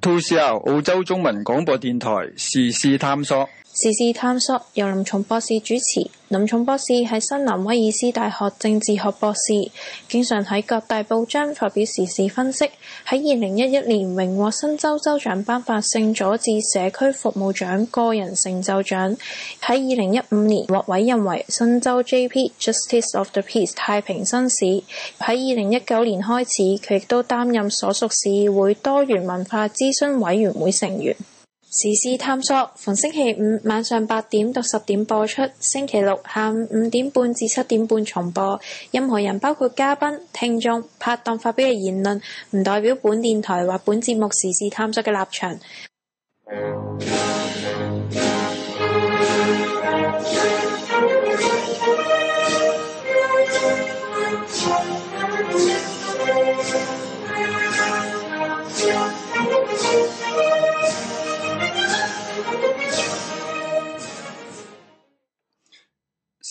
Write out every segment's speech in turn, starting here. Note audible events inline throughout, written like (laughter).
To s 澳洲中文廣播電台，時事探索。時事探索由林松博士主持。林松博士係新南威爾斯大學政治學博士，經常喺各大報章發表時事分析。喺二零一一年榮獲新州州長頒發聖佐治社區服務獎個人成就獎。喺二零一五年獲委任為新州 J.P. Justice of the Peace 太平紳士。喺二零一九年開始，佢亦都擔任所屬市議會多元文化諮詢委員會成員。時事探索逢星期五晚上八點到十點播出，星期六下午五點半至七點半重播。任何人包括嘉賓、聽眾、拍檔發表嘅言論，唔代表本電台或本節目時事探索嘅立場。 (music)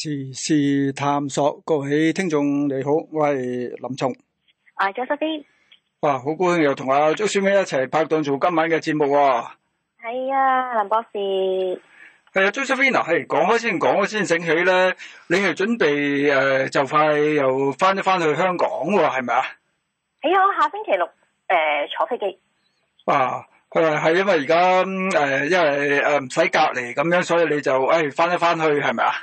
時事探索，各位聽眾你好，喂我係林松。啊 Josephine 哇，好高興又同阿 Josephine 一齊拍檔做今晚嘅節目喎、哦。係啊，林博士。係啊 Josephine 係講開先講，我先、啊、醒起咧，你係準備誒、呃，就快又返一返去香港喎、哦，係咪啊？係、哎、啊，我下星期六誒、呃，坐飛機。啊，誒，係因為而家誒，因為誒唔使隔離咁樣，所以你就誒返、哎、一返去係咪啊？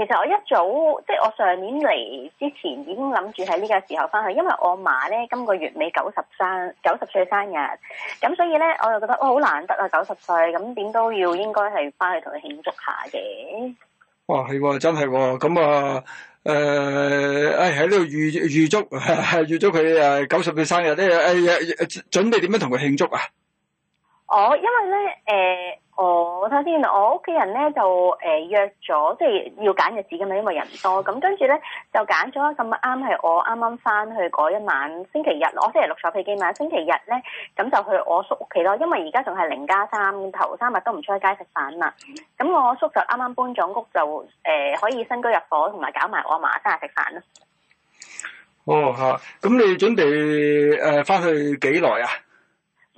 其實我一早，即係我上年嚟之前已經諗住喺呢個時候翻去，因為我阿嫲咧今個月尾九十三、九十歲生日，咁所以咧我又覺得哦好難得啊九十歲，咁點都要應該係翻去同佢慶祝下嘅。哇，係真係，咁、嗯嗯哎、啊，誒，喺呢度預預祝預祝佢誒九十歲生日咧，誒、哎啊，準備點樣同佢慶祝啊？我、哦、因為咧，誒、呃，我睇先我屋企人咧就誒約咗，即、就、係、是、要揀日子噶嘛，因為人多，咁跟住咧就揀咗咁啱係我啱啱翻去嗰一晚，星期日，我星期六坐飛機嘛，星期日咧咁就去我叔屋企咯，因為而家仲係零加三頭三日都唔出去街食飯嘛，咁我叔就啱啱搬咗屋就誒、呃、可以新居入伙，同埋搞埋我阿嫲生日食飯咯。哦，吓、啊，咁你準備誒翻、呃、去幾耐啊？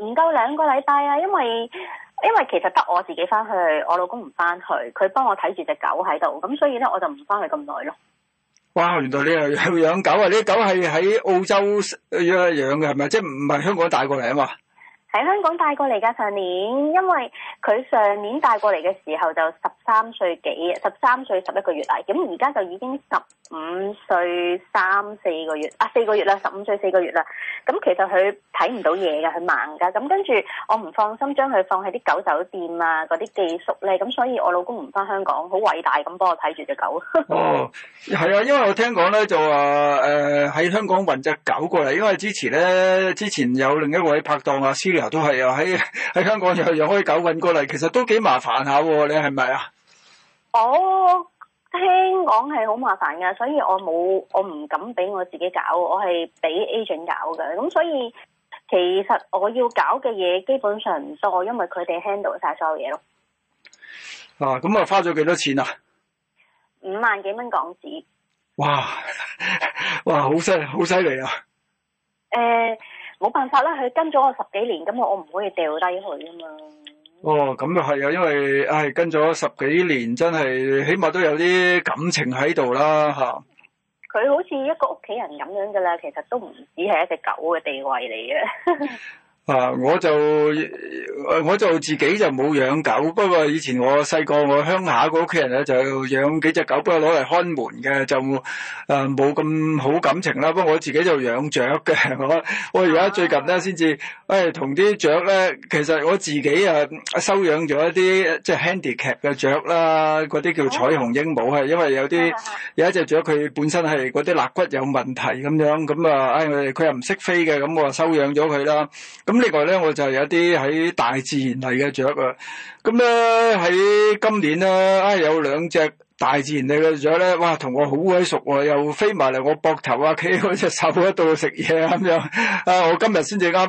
唔夠兩個禮拜啊，因為因為其實得我自己翻去，我老公唔翻去，佢幫我睇住隻狗喺度，咁所以咧我就唔翻去咁耐咯。哇！原來你又養狗啊？呢啲狗係喺澳洲養嘅係咪？即係唔係香港帶過嚟啊嘛？喺香港帶過嚟㗎，上年，因為佢上年帶過嚟嘅時候就十三歲幾，十三歲十一個月啦，咁而家就已經十五歲三四個月，啊四個月啦，十五歲四個月啦。咁其實佢睇唔到嘢㗎，佢盲㗎。咁跟住我唔放心將佢放喺啲狗酒店啊，嗰啲寄宿咧，咁所以我老公唔翻香港，好偉大咁幫我睇住隻狗。哦，係啊，因為我聽講咧就話誒喺香港運隻狗過嚟，因為之前咧之前有另一位拍檔阿、啊都係啊，喺喺香港又又可以搞運過嚟，其實都幾麻煩下，你係咪啊？哦，聽講係好麻煩噶，所以我冇我唔敢俾我自己搞，我係俾 agent 搞噶。咁所以其實我要搞嘅嘢基本上唔多，因為佢哋 handle 晒所有嘢咯。啊，咁啊，花咗幾多錢啊？五萬幾蚊港紙。哇哇，好犀好犀利啊！誒、欸。冇辦法啦，佢跟咗我十幾年，咁我我唔可以掉低佢啊嘛。哦，咁又係啊，因為唉、哎、跟咗十幾年，真係起碼都有啲感情喺度啦嚇。佢好似一個屋企人咁樣噶啦，其實都唔只係一隻狗嘅地位嚟嘅。 (laughs) 啊！我就我就自己就冇養狗，不過以前我細個我鄉下個屋企人咧就養幾隻狗，不過攞嚟看門嘅就誒冇咁好感情啦。不過我自己就養雀嘅，我我而家最近咧先至誒同啲雀咧，其實我自己啊收養咗一啲即係 handicap 嘅雀啦，嗰啲叫彩虹鸚鵡，係因為有啲有一隻雀佢本身係嗰啲肋骨有問題咁樣，咁啊唉佢又唔識飛嘅，咁我收養咗佢啦。咁另外咧，我就有啲喺大自然嚟嘅雀啊。咁咧喺今年咧，啊、哎、有兩隻大自然嚟嘅雀咧，哇，同我好鬼熟喎，又飛埋嚟我膊頭啊，企嗰隻手喺度食嘢咁樣。啊、哎，我今日先至啱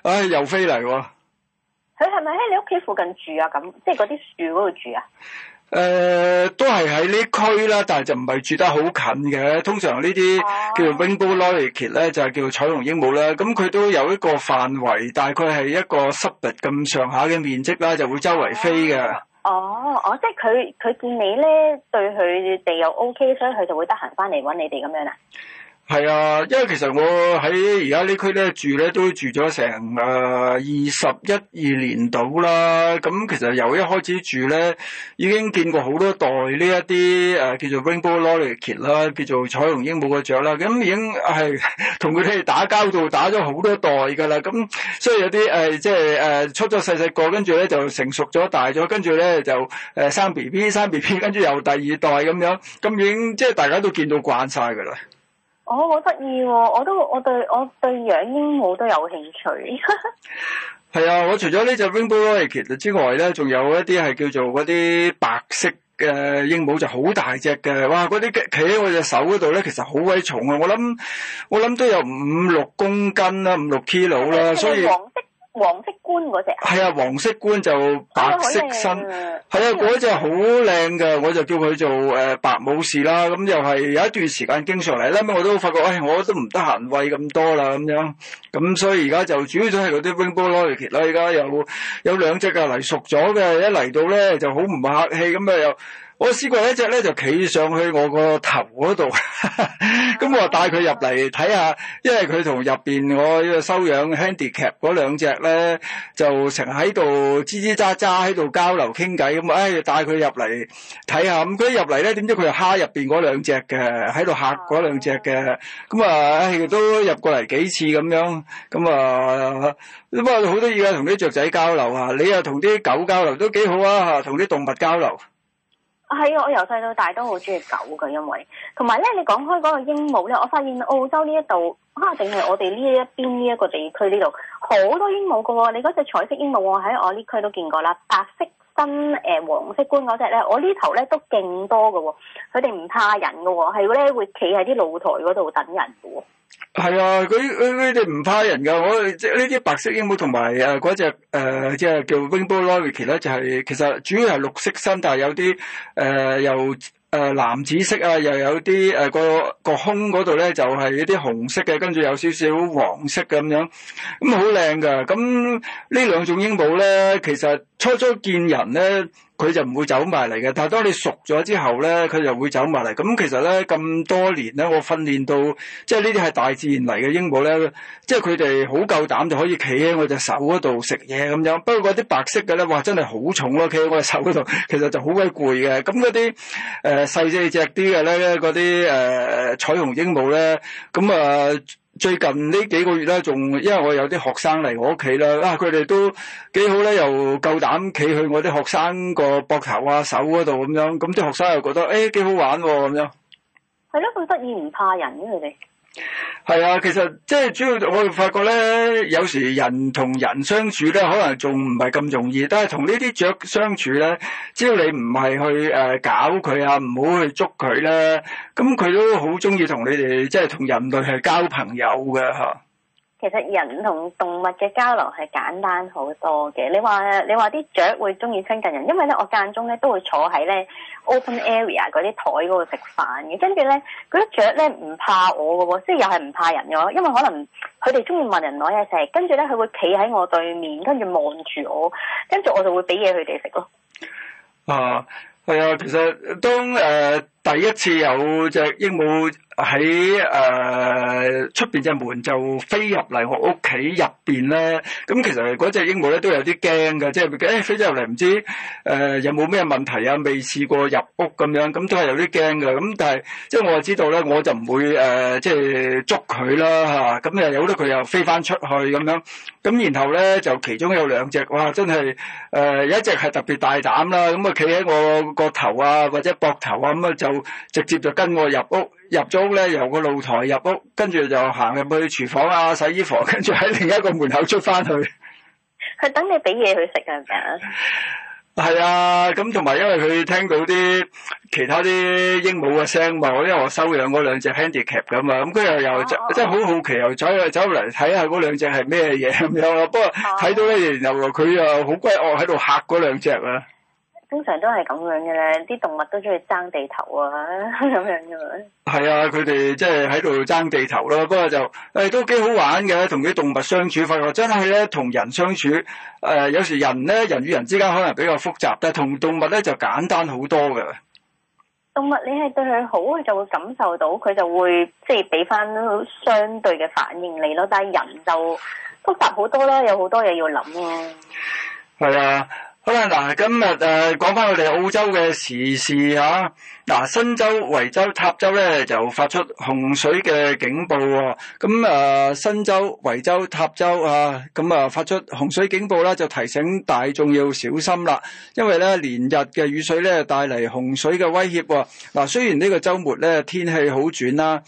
啱，又飛嚟喎。佢係咪喺你屋企附近住啊？咁，即係嗰啲樹嗰度住啊？誒、呃，都係喺呢區啦，但係就唔係住得好近嘅。通常呢啲，哦、叫做 winged lorikeet 咧，就係叫彩虹鸚鵡啦。咁佢都有一個範圍，大概係一個 square 咁上下嘅面積啦，就會周圍飛嘅，哦。哦，哦，即係佢佢見你咧，對佢哋又 OK，所以佢就會得閒翻嚟搵你哋咁樣啦。係啊，因為其實我喺而家呢區咧住咧，都住咗成誒二十一二年到啦。咁其實由一開始住咧，已經見過好多代呢一啲誒、呃、叫做 Rainbow Lorikeet 啦，叫做彩虹鸚鵡嘅雀啦。咁已經係同佢哋打交道，打咗好多代噶啦。咁所以有啲誒、呃、即係誒、呃、出咗細細個，跟住咧就成熟咗大咗，跟住咧就誒生 B B 生 B B，跟住又有第二代咁樣。咁已經即係大家都見到慣晒噶啦。哦，好得意，我都我對我對養鸚鵡都有興趣。係 (laughs) 啊，我除咗呢隻 Rainbow Lorikeet 之外咧，仲有一啲係叫做啲白色嘅鸚鵡，就好大隻嘅。哇，啲企喺我隻手度咧，其實好鬼重啊！我諗我諗都有五六公斤啦，五六 kilo 啦，所以。黃色官嗰隻，係啊，黃色官就白色身，係、那個、啊嗰隻好靚噶，我就叫佢做誒、呃、白武士啦。咁、嗯、又係有一段時間經常嚟，拉尾我都發覺，誒、哎、我都唔得閒餵咁多啦咁樣。咁、嗯、所以而家就主要都係嗰啲乒乓波咯。其他而家有有兩隻嘅嚟熟咗嘅，一嚟到咧就好唔客氣咁啊又。我試過一隻咧，就企上去我個頭嗰度，咁、 (laughs) 嗯、我帶佢入嚟睇下，因為佢同入邊我收養 handy 夾嗰兩隻咧，就成日喺度吱吱喳喳喺度交流傾偈咁啊，帶佢入嚟睇下。咁佢入嚟咧，點、哎嗯、知佢又蝦入邊嗰兩隻嘅，喺度吓嗰兩隻嘅。咁、嗯、啊、哎，都入過嚟幾次咁樣。咁、嗯、啊，咁、嗯、啊，好多嘢啊，同、嗯、啲雀仔交流啊，你又同啲狗交流都幾好啊，同啲動物交流。係，我由細到大都好中意狗㗎，因為同埋咧，你講開嗰個鸚鵡咧，我發現澳洲呢一度啊，定係我哋呢一邊呢一個地區呢度好多鸚鵡㗎喎，你嗰隻彩色鸚鵡，喺我呢區都見過啦，白色。新誒、呃、黃色冠嗰隻咧，我呢頭咧都勁多嘅喎、哦，佢哋唔怕人嘅喎、哦，係咧會企喺啲露台嗰度等人嘅喎、哦。係啊，佢佢佢哋唔怕人㗎，我即呢啲白色鸚鵡同埋誒嗰隻誒即係叫 Rainbow Lorikeet 咧，就係、是、其實主要係綠色身，但係有啲誒又。呃誒、呃，藍紫色啊，又有啲誒、呃、個個胸嗰度咧就係、是、一啲紅色嘅，跟住有少少黃色咁樣，咁好靚噶。咁呢兩種鸚鵡咧，其實初初見人咧。佢就唔會走埋嚟嘅，但係當你熟咗之後咧，佢就會走埋嚟。咁其實咧，咁多年咧，我訓練到，即係呢啲係大自然嚟嘅鸚鵡咧，即係佢哋好夠膽就可以企喺我隻手嗰度食嘢咁樣。不過嗰啲白色嘅咧，哇，真係好重咯、啊，企喺我隻手嗰度，其實就好鬼攰嘅。咁嗰啲誒細細隻啲嘅咧，嗰啲誒彩虹鸚鵡咧，咁啊～、呃最近呢幾個月咧，仲因為我有啲學生嚟,我屋企啦，啊，佢哋都幾好咧，又夠膽企去我啲學生個膊頭啊、手嗰度咁樣，咁、嗯、啲學生又覺得誒幾、欸、好玩喎、哦、咁樣，係咯，好得意，唔怕人嘅佢哋。係啊，其實即係主要我哋發覺咧，有時人同人相處咧，可能仲唔係咁容易，但係同呢啲雀相處咧，只要你唔係去誒搞佢啊，唔好去捉佢啦，咁佢都好中意同你哋，即係同人類係交朋友嘅吓。其實人同動物嘅交流係簡單好多嘅。你話你話啲雀會中意親近人，因為咧我間中咧都會坐喺咧 Open area 嗰啲台嗰度食飯嘅。跟住咧嗰啲雀咧唔怕我噶喎，哦，即係又係唔怕人嘅。因為可能佢哋中意問人攞嘢食，跟住咧佢會企喺我對面，跟住望住我，跟住我就會俾嘢佢哋食咯。啊，係啊，其實當誒、呃、第一次有隻鸚鵡喺誒出邊隻門就飛入嚟我屋企入邊咧，咁其實嗰隻鸚鵡咧都有啲驚嘅，即係誒飛咗入嚟唔知誒、呃、有冇咩問題啊？未試過入屋咁樣，咁都係有啲驚嘅。咁但係即係我係知道咧，我就唔會誒即係捉佢啦嚇。咁又有得佢又飛翻出去咁樣。咁然後咧就其中有兩隻哇，真係誒有一隻係特別大膽啦。咁佢企喺我個頭啊或者膊頭啊咁啊就直接就跟我入屋。入咗屋咧，由個露台入屋，跟住就行入去廚房啊，洗衣房，跟住喺另一個門口出翻去。佢等你俾嘢佢食係咪？係啊，咁同埋因為佢聽到啲其他啲鸚鵡嘅聲嘛，因為我收養嗰兩隻 handicap 咁啊，咁、嗯、佢又又、oh. 真係好好奇又走啊，走嚟睇下嗰兩隻係咩嘢咁樣咯。不過睇到咧、oh. 又佢又好鬼惡，喺度嚇嗰兩隻啊。通常都係咁樣嘅咧，啲動物都中意爭地頭啊，咁樣噶嘛。係啊，佢哋即係喺度爭地頭咯。不過就誒、欸、都幾好玩嘅，同啲動物相處，發覺真係咧同人相處誒、呃，有時人咧，人與人之間可能比較複雜，但係同動物咧就簡單好多嘅。動物你係對佢好，佢就會感受到，佢就會即係俾翻相對嘅反應你咯。但係人就複雜好多啦，有好多嘢要諗咯。係啊。好啦，嗱，今日誒講翻我哋澳洲嘅時事吓，嗱，新州、維州、塔州咧就發出洪水嘅警報，咁新州、維州、塔州啊，咁啊發出洪水警報啦，就提醒大眾要小心啦，因為咧連日嘅雨水咧帶嚟洪水嘅威脅，嗱，雖然呢個周末咧天氣好轉啦。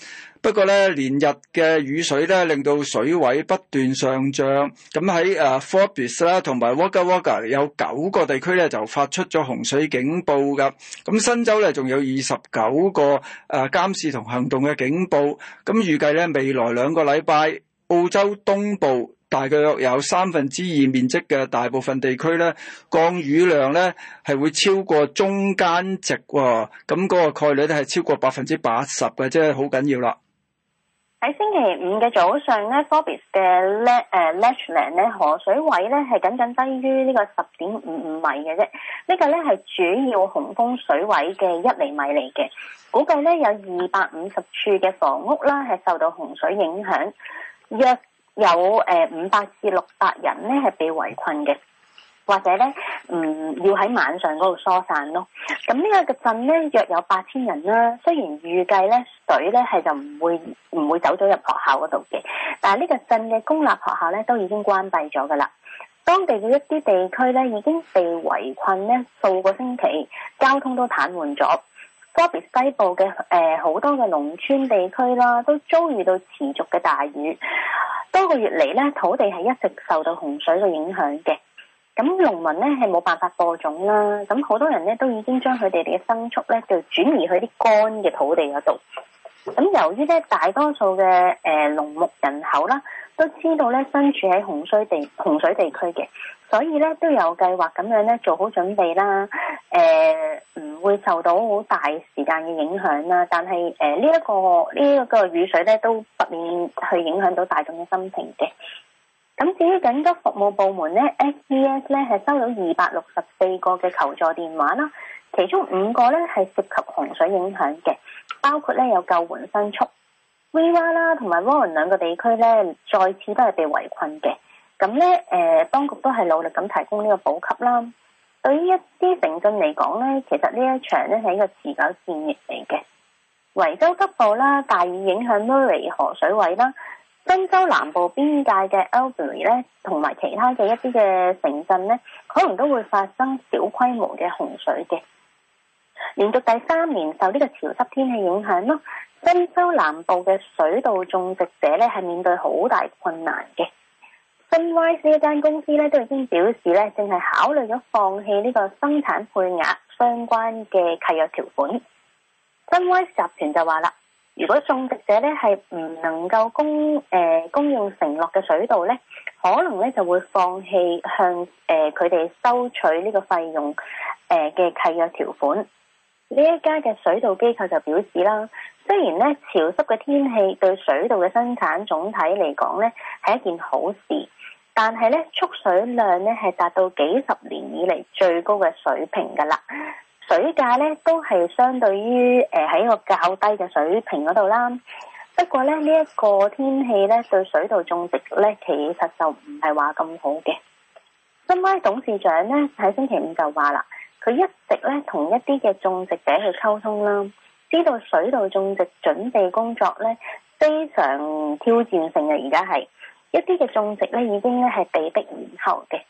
不過咧，連日嘅雨水咧，令到水位不斷上漲。咁喺誒，Forbes 啦，同埋 Wagga Wagga 有九個地區咧就發出咗洪水警報㗎。咁新州咧仲有二十九個誒監視同行動嘅警報。咁預計咧，未來兩個禮拜，澳洲東部大概約有三分之二面積嘅大部分地區咧，降雨量咧係會超過中間值喎、哦。咁嗰個概率咧係超過百分之八十嘅，即係好緊要啦。喺星期五嘅早上咧 Forbes 嘅，咧誒 Lachlan 咧河水位咧係僅僅低於、這個、呢個十點五五米嘅啫，呢個咧係主要洪峰水位嘅一厘米嚟嘅。估計咧有二百五十處嘅房屋啦係受到洪水影響，約有誒五百至六百人咧係被圍困嘅，或者咧，嗯，要喺晚上嗰度疏散咯。咁呢個嘅鎮咧，約有八千人啦。雖然預計咧水咧係就唔會唔會走咗入學校嗰度嘅，但係呢個鎮嘅公立學校咧都已經關閉咗噶啦。當地嘅一啲地區咧已經被圍困咧數個星期，交通都癱瘓咗。科必西部嘅誒好多嘅農村地區啦，都遭遇到持續嘅大雨。多個月嚟咧，土地係一直受到洪水嘅影響嘅。咁農民咧係冇辦法播種啦，咁好多人咧都已經將佢哋哋嘅牲畜咧就轉移去啲乾嘅土地嗰度。咁由於咧大多數嘅、呃、農牧人口啦，都知道咧身處喺洪水地洪水地區嘅，所以咧都有計劃咁樣咧做好準備啦。誒、呃、唔會受到好大時間嘅影響啦。但係誒呢一個呢一個雨水咧都不免去影響到大眾嘅心情嘅。咁至於緊急服務部門咧，SBS 咧係收到二百六十四個嘅求助電話啦，其中五個咧係涉及洪水影響嘅，包括咧有救援伸縮 v 瓦啦同埋窩雲兩個地區咧，再次都係被圍困嘅。咁咧，誒、呃、當局都係努力咁提供呢個補給啦。對於一啲城鎮嚟講咧，其實呢一場咧係一個持久戰役嚟嘅。維州急部啦，大雨影響 Murray 河水位啦。新州南部邊界嘅 Albury 咧，同埋其他嘅一啲嘅城鎮咧，可能都會發生小規模嘅洪水嘅。連續第三年受呢個潮濕天氣影響咯，新州南部嘅水稻種植者咧係面對好大困難嘅。新威斯一間公司咧都已經表示咧，正係考慮咗放棄呢個生產配額相關嘅契約條款。新威集團就話啦，如果種植者咧係唔能夠供誒供、呃、應承諾嘅水稻咧，可能咧就會放棄向誒佢哋收取呢個費用誒嘅契約條款。呢一家嘅水稻機構就表示啦，雖然咧潮濕嘅天氣對水稻嘅生產總體嚟講咧係一件好事，但係咧蓄水量咧係達到幾十年以嚟最高嘅水平噶啦。水價咧都係相對於誒喺一個較低嘅水平嗰度啦。不過咧呢一、這個天氣咧對水稻種植咧其實就唔係話咁好嘅。新威董事長咧喺星期五就話啦，佢一直咧同一啲嘅種植者去溝通啦，知道水稻種植準備工作咧非常挑戰性嘅。而家係一啲嘅種植咧已經咧係被迫延後嘅，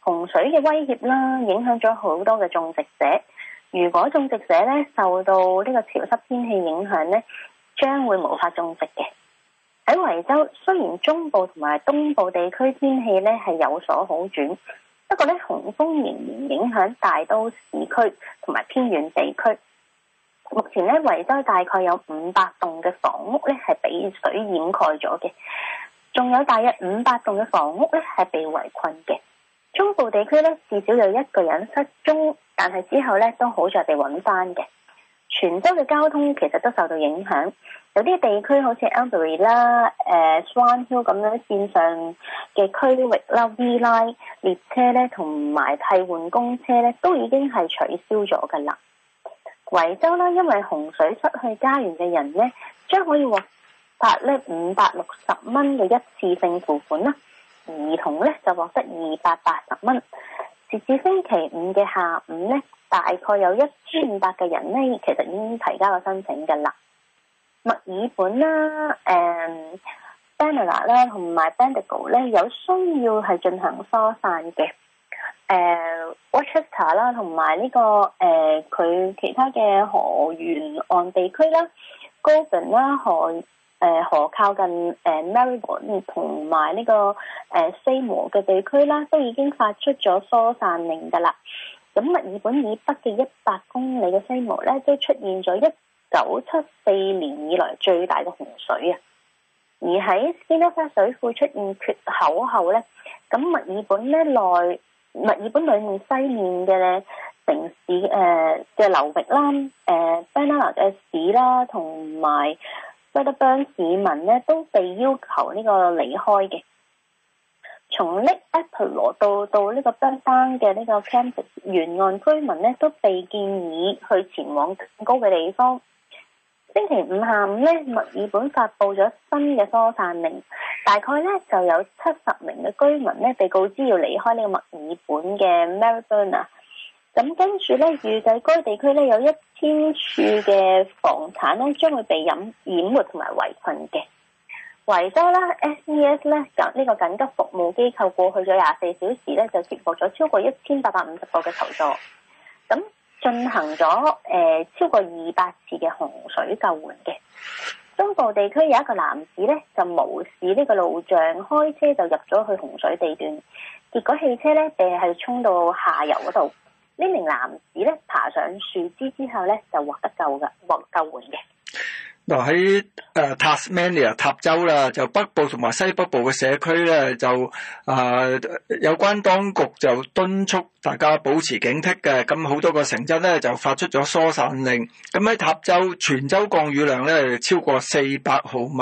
洪水嘅威脅啦，影響咗好多嘅種植者。如果種植者咧受到呢個潮濕天氣影響咧，將會無法種植嘅。喺維州，雖然中部同埋東部地區天氣咧係有所好轉，不過咧洪峰仍然影響大都市區同埋偏遠地區。目前咧，維州大概有五百棟嘅房屋咧係被水掩蓋咗嘅，仲有大約五百棟嘅房屋咧係被圍困嘅。中部地區咧，至少有一個人失蹤，但係之後咧都好在地揾翻嘅。全州嘅交通其實都受到影響，有啲地區好似 Albury 啦、呃、Swan Hill 咁樣線上嘅區域啦，V Line 列車咧同埋替換公車咧都已經係取消咗嘅啦。維州啦，因為洪水失去家園嘅人咧，將可以獲發咧五百六十蚊嘅一次性付款啦。兒童咧就獲得二百八十蚊。截至星期五嘅下午咧，大概有一千五百嘅人咧，其實已經提交咗申請㗎喇。墨爾本啦、啊、誒，Banner 啦、同埋 Bendigo 咧有需要係進行疏散嘅。誒、嗯、Western 啦、啊、同埋呢、呢個誒佢、呃、其他嘅河沿岸地區啦 Goulburn 啦河。誒、呃、河靠近誒、呃、Maryland 同埋、這、呢個誒、呃、西摩嘅地區啦，都已經發出咗疏散令㗎啦。咁墨爾本以北嘅一百公里嘅西摩咧，都出現咗一九七四年以來最大嘅洪水啊！而喺斯拉沙水庫出現缺口後咧，咁墨爾本咧內墨爾本裡面西面嘅城市誒嘅、呃、流域啦，誒、呃、Banana 嘅市啦，同埋，威德班市民咧都被要求呢個離開嘅，從呢 Apple 羅到到呢個登山班嘅呢個 camp 沿岸居民咧都被建議去前往更高嘅地方。星期五下午咧，墨爾本發佈咗新嘅疏散令，大概咧就有七十名嘅居民咧被告知要離開呢個墨爾本嘅 Maryburn 啊。咁跟住咧，預計該地區咧有一千處嘅房產咧，將會被淹淹沒同埋圍困嘅。維州啦，S E S 咧，由、這、呢個緊急服務機構過去咗廿四小時咧，就接獲咗超過一千八百五十個嘅求助，咁進行咗誒、呃、超過二百次嘅洪水救援嘅。中部地區有一個男子咧，就無視呢個路障，開車就入咗去洪水地段，結果汽車咧誒係衝到下游嗰度。呢名男子咧爬上樹枝之後咧就獲得救噶獲救援嘅。嗱喺誒 Tasmania 塔州啦，就北部同埋西北部嘅社區咧就誒有關當局就敦促大家保持警惕嘅。咁好多個城鎮咧就發出咗疏散令。咁喺塔州全州降雨量咧超過四百毫米，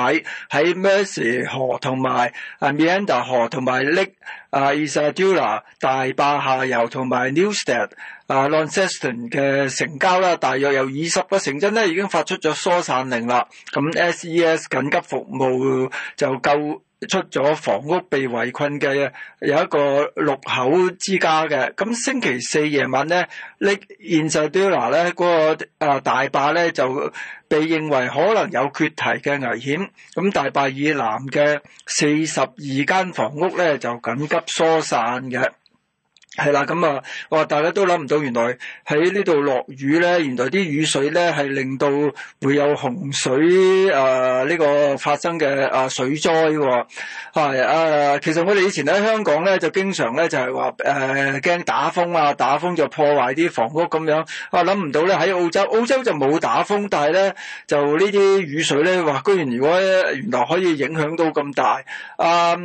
喺 Mersey 河同埋誒 Meander 河同埋 Lake Isadula 大壩下游同埋 Newstead 啊、uh，Launceston 嘅成交啦，大約有二十個城鎮咧，已經發出咗疏散令啦。咁 SES 緊急服務就夠。出咗房屋被圍困嘅，有一個六口之家嘅。咁星期四夜晚咧，呢現實對拿咧，嗰、嗰個大壩咧就被認為可能有決堤嘅危險。咁大壩以南嘅四十二間房屋咧就緊急疏散嘅。係啦，咁啊，哇！大家都諗唔到原來在這裏雨，原來喺呢度落雨咧，原來啲雨水咧係令到會有洪水，誒、呃、呢、這個發生嘅誒水災喎。係、呃、啊，其實我哋以前喺香港咧就經常咧就係話誒驚打風啊，打風就破壞啲房屋咁樣。啊，諗唔到咧喺澳洲，澳洲就冇打風，但係咧就呢啲雨水咧，哇、呃！居然如果原來可以影響到咁大啊！呃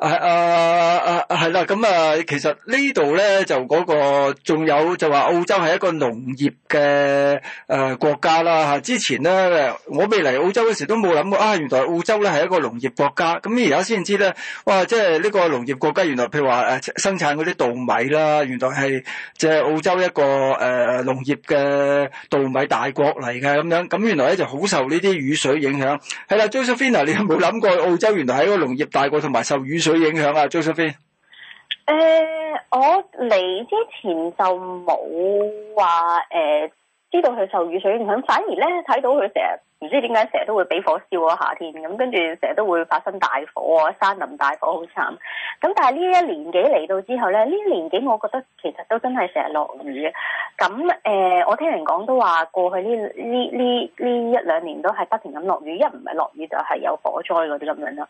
係啊，啊係啦，咁啊、嗯，其實呢度咧就，嗰個仲有就話澳洲係一個農業嘅，誒、呃、國家啦吓。之前咧我未嚟澳洲時候都冇諗過啊，原來澳洲咧係一個農業國家。咁而家先知咧，哇，即係呢個農業國家，原來譬如話誒、啊、生產啲稻米啦，原來係即係澳洲一個誒、呃、農業嘅稻米大國嚟嘅咁樣。咁、嗯、原來咧就好受呢啲雨水影響。係啦 Josephina 你有冇諗過澳洲原來係一個農業大國同埋受雨水。受影響啊 Josephine 誒、呃，我嚟之前就冇話誒，知道佢受雨水影響，反而咧睇到佢成日唔知點解成日都會俾火燒啊，夏天咁，跟住成日都會發生大火啊，山林大火好慘。咁但係呢一年幾嚟到之後咧，呢一年幾我覺得其實都真係成日落雨。咁誒、呃，我聽人講都話過去呢呢呢呢一兩年都係不停咁落雨，一唔係落雨就係有火災嗰啲咁樣啦。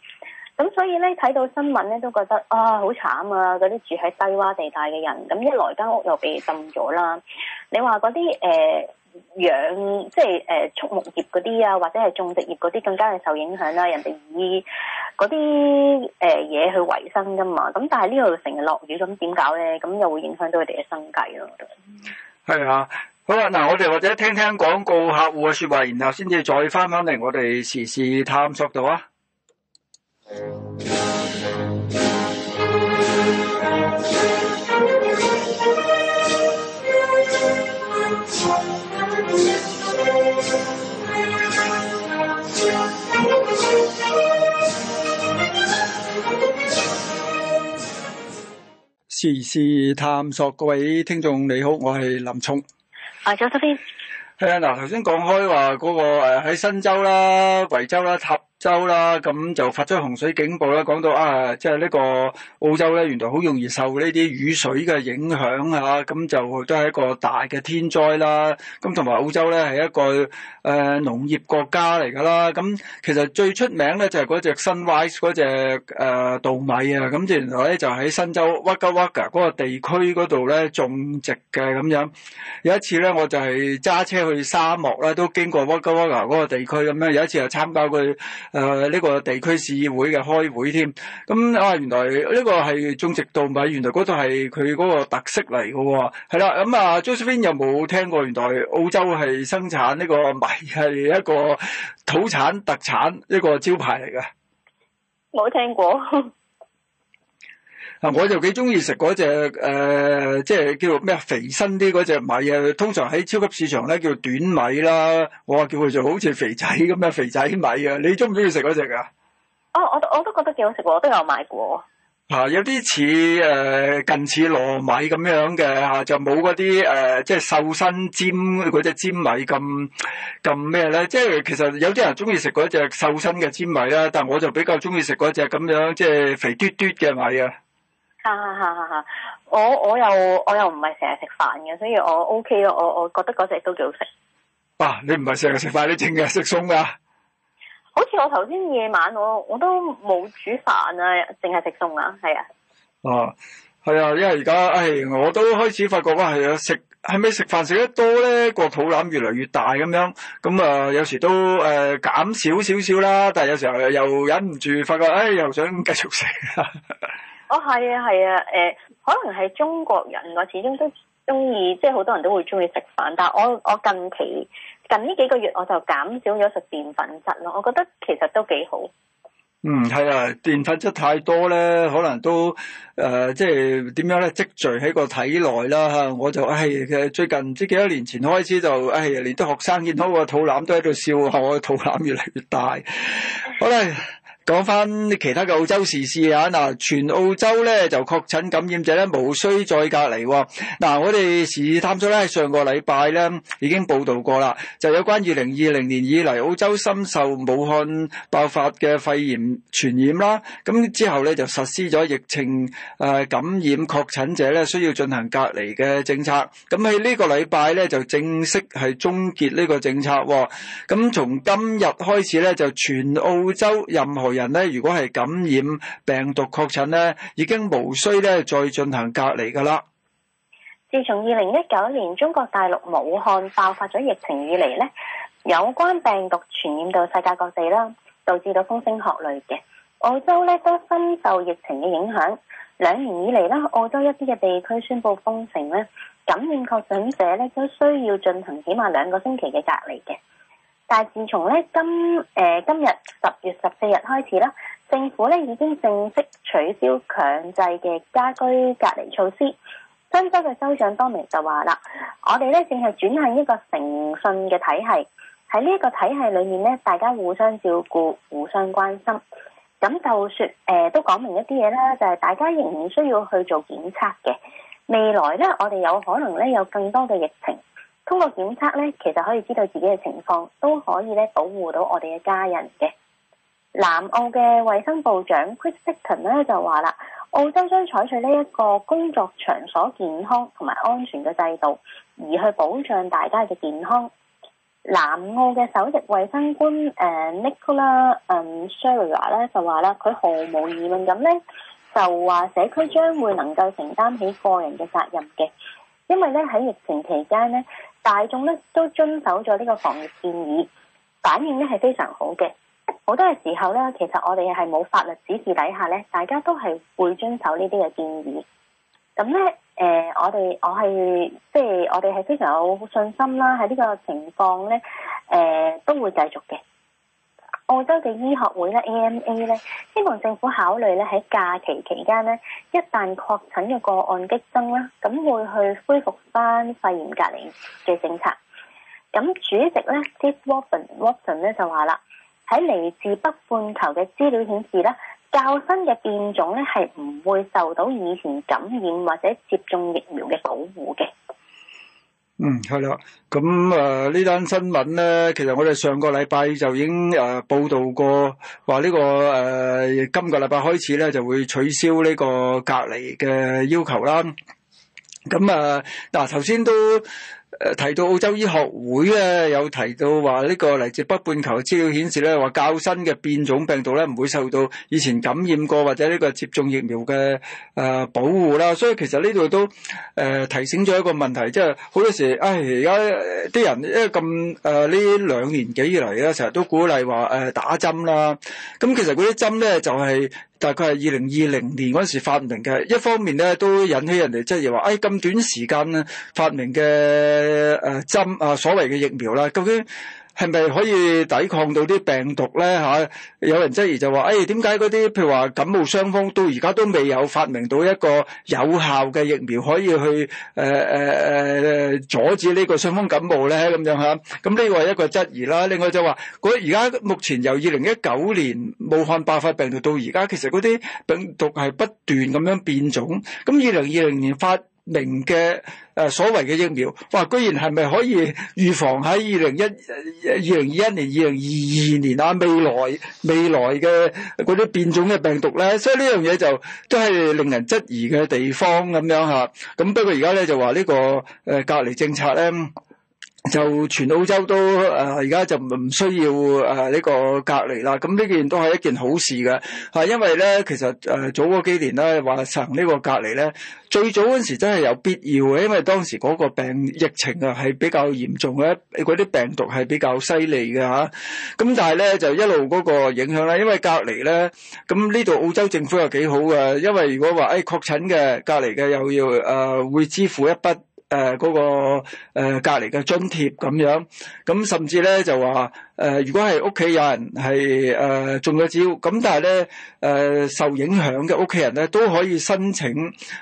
咁所以咧，睇到新聞咧，都覺得啊，好、哦、慘啊！嗰啲住喺低窪地帶嘅人，咁一來間屋又被浸咗啦。你話嗰啲誒養，即係誒、呃、畜牧業嗰啲啊，或者係種植業嗰啲，更加係受影響啦。人哋以嗰啲誒嘢去維生噶嘛。咁但係呢度成日落雨，咁點搞咧？咁又會影響到佢哋嘅生計咯。係啊，好啊，嗱，我哋或者聽聽廣告客戶嘅説話，然後先至再翻返嚟我哋時事探索到啊。時事探索，各位聽眾你好，我係林聰。係張叔添。係啊，嗱，頭先講開話嗰個誒，喺新州啦、維州啦、塔。州啦，咁就發出洪水警報啦。講到啊，即係呢個澳洲咧，原來好容易受呢啲雨水嘅影響啊。咁就都係一個大嘅天災啦。咁同埋澳洲咧係一個誒農業國家嚟噶啦。咁其實最出名咧就係嗰隻 Sunrise 嗰隻誒稻米啊。咁原來咧就喺新州 Wagga Wagga 嗰個地區嗰度咧種植嘅咁樣。有一次咧我就係揸車去沙漠啦，都經過 Wagga Wagga 嗰個地區咁樣。有一次就參加佢嗰個，誒、呃，呢、這個地區市議會嘅開會添，咁啊，原來呢個係種植稻米，原來嗰度係佢嗰個特色嚟嘅。係啦，咁啊，Josephine 有冇聽過原來澳洲係生產呢個米係一個土產特產一個招牌嚟㗎？冇聽過。嗱，我就幾中意食嗰隻誒，即、呃、係、就是、叫做咩肥身啲嗰隻米啊，通常喺超級市場咧叫短米啦，我話叫佢做好似肥仔咁嘅肥仔米啊。你中唔中意食嗰隻噶？哦，我都我都覺得幾好食喎，我都有買過。啊、有啲似誒近似糯米咁樣嘅吓、啊，就冇嗰啲誒即係瘦身尖嗰隻尖米咁咁咩咧？即係、就是、其實有啲人中意食嗰隻瘦身嘅尖米啦、啊，但係我就比較中意食嗰隻咁樣即係、就是、肥嘟嘟嘅米啊。啊啊啊啊、我我又我又唔係成日食飯嘅，所以我 O K 咯。我我覺得嗰隻都幾好食。啊！你唔係成日食飯，你淨係食餸噶？好似我頭先夜晚，我我都冇煮飯啊，淨係食餸啊，係啊。哦，係啊，因為而家、哎，我都開始發覺是吃，哇，係啊，食，係咪食飯食得多咧，個肚腩越嚟越大咁樣。咁啊、呃，有時都誒減、呃、少，少少少啦，但係有時候又忍唔住，發覺，哎，又想繼續食。 (laughs) 哦，係啊，係啊，欸，可能係中國人，我始終都中意，即係好多人都會中意食飯。但係我我近期近呢幾個月，我就減少咗食澱粉質咯。我覺得其實都幾好。嗯，係啊，澱粉質太多咧，可能都誒，即係點樣咧？積聚喺個體內啦。我就係，哎，最近唔知幾多年前開始就係，哎，連啲學生見到我肚腩都喺度笑，我嘅肚腩越嚟越大。好啦。 (laughs) 講翻其他嘅澳洲時事啊！嗱，全澳洲咧就確診感染者咧無需再隔離喎。嗱，我哋時事探索咧喺上個禮拜咧已經報導過啦，就有關二零二零年以嚟澳洲深受武漢爆發嘅肺炎傳染啦。咁之後咧就實施咗疫情感染確診者咧需要進行隔離嘅政策。咁喺呢個禮拜咧就正式係終結呢個政策。咁從今日開始咧就全澳洲任何人咧，如果係感染病毒確診咧，已經無需咧再進行隔離噶啦。自從二零一九年中國大陸武漢爆發咗疫情以嚟咧，有關病毒傳染到世界各地啦，導致到風聲鶴唳嘅澳洲咧都深受疫情嘅影響。兩年以嚟啦，澳洲一啲嘅地區宣布封城咧，感染確診者咧都需要進行起碼兩個星期嘅隔離嘅。但係自從咧今誒今日十月十四日開始啦，政府咧已經正式取消強制嘅家居隔離措施。新州嘅州長多明就話啦，我哋咧淨係轉向一個誠信嘅體系，喺呢一個體系裡面咧，大家互相照顧、互相關心。咁就說誒、呃，都講明一啲嘢啦，就係、是、大家仍然需要去做檢測嘅。未來咧，我哋有可能咧有更多嘅疫情。通過檢測咧，其實可以知道自己嘅情況，都可以咧保護到我哋嘅家人嘅。南澳嘅衛生部長 Chris Picton 咧就話啦，澳洲將採取呢一個工作場所健康同埋安全嘅制度，而去保障大家嘅健康。南澳嘅首席衛生官、呃、Nicola 嗯、呃、Spurrier 咧就話啦，佢毫無疑問咁咧，就話社區將會能夠承擔起個人嘅責任嘅，因為咧喺疫情期間咧。大眾咧都遵守咗呢個防疫建議，反應咧係非常好嘅。好多嘅時候咧，其實我哋係冇法律指示底下咧，大家都係會遵守呢啲嘅建議。咁咧，誒、呃，我哋我係即係我哋係非常有信心啦，喺呢個情況咧，誒、呃，都會繼續嘅。澳洲嘅醫學會咧，AMA 咧，希望政府考慮咧喺假期期間咧，一旦確診嘅個案激增啦，咁會去恢復返肺炎隔離嘅政策。咁主席咧，Steve Watson Watson 咧就話啦，喺嚟自北半球嘅資料顯示咧，較新嘅變種咧係唔會受到以前感染或者接種疫苗嘅保護嘅。嗯，係啦，咁啊呢單新聞咧，其實我哋上個禮拜就已經誒、呃、報道過，話呢、呢個誒、呃、今個禮拜開始咧就會取消呢個隔離嘅要求啦。咁、呃、啊，嗱頭先都。誒，提到澳洲醫學會咧，有提到話，呢個嚟自北半球資料顯示咧，話較新嘅變種病毒咧，唔會受到以前感染過或者呢個接種疫苗嘅誒保護啦，所以其實呢度都誒提醒咗一個問題，即係好多時，唉而家啲人因為咁誒呢兩年幾以嚟咧，成日都鼓勵話誒打針啦，咁其實嗰啲針咧就係、是。大概係二零二零年嗰時發明嘅，一方面咧都引起人哋即係話，哎咁短時間咧發明嘅誒針啊，所謂嘅疫苗啦，究竟……」係咪可以抵抗到啲病毒咧？嚇，有人質疑就話，誒點解嗰啲譬如話感冒傷風，到而家都未有發明到一個有效嘅疫苗可以去誒、呃呃、阻止呢個傷風感冒咧？咁樣嚇，咁呢個係一個質疑啦。另外就話，嗰而家目前由二零一九年武漢爆發病毒到而家，其實嗰啲病毒係不斷咁樣變種。咁二零二零年發明嘅所謂嘅疫苗，哇！居然係咪可以預防喺二零一二零二一年、二零二二年啊？未來未來嘅嗰啲變種嘅病毒咧？所以呢樣嘢就都係令人質疑嘅地方咁樣下。咁不過而家咧就話呢個隔離政策咧。就全澳洲都誒，而、呃、家就唔需要誒呢、呃這個隔離啦。咁呢件都係一件好事嘅吓，因為咧其實誒、呃、早嗰幾年咧話實行呢個隔離咧，最早嗰陣時真係有必要嘅，因為當時嗰個病疫情啊係比較嚴重嘅，嗰啲病毒係比較犀利嘅吓，咁、啊、但係咧就一路嗰個影響咧，因為隔離咧，咁呢度澳洲政府又幾好嘅，因為如果話誒、哎、確診嘅隔離嘅又要誒、呃、會支付一筆。誒、呃，嗰、那個誒、呃、隔離嘅津貼咁樣，咁甚至咧就話誒、呃，如果係屋企有人係誒、呃、中咗招，咁但係咧誒受影響嘅屋企人咧都可以申請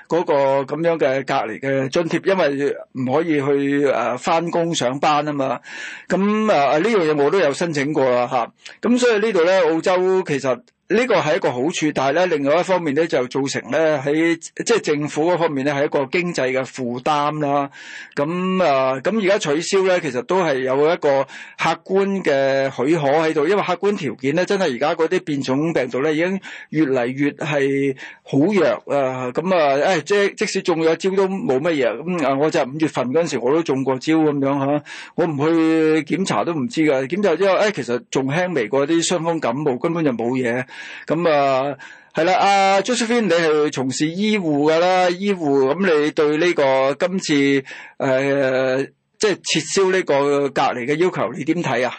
嗰、那個咁樣嘅隔離嘅津貼，因為唔可以去誒翻工上班啊嘛。咁啊呢樣嘢我都有申請過啦吓。咁、啊、所以呢度咧澳洲其實。呢個係一個好處，但係咧，另外一方面咧，就造成咧喺即係政府嗰方面咧係一個經濟嘅負擔啦。咁啊，咁而家取消咧，其實都係有一個客觀嘅許可喺度，因為客觀條件咧，真係而家嗰啲變種病毒咧已經越嚟越係好弱啊。咁啊，即、哎、即使中咗招都冇乜嘢。咁啊，我就係五月份嗰陣時候我都中過招咁樣嚇，我唔去檢查都唔知㗎。檢查之後，哎、其實仲輕微過啲傷風感冒，根本就冇嘢。咁啊，係啦，阿、啊、Josephine，你係從事醫護噶啦，醫護，咁你對呢、這個今次誒、呃，即係撤銷呢個隔離嘅要求，你點睇啊？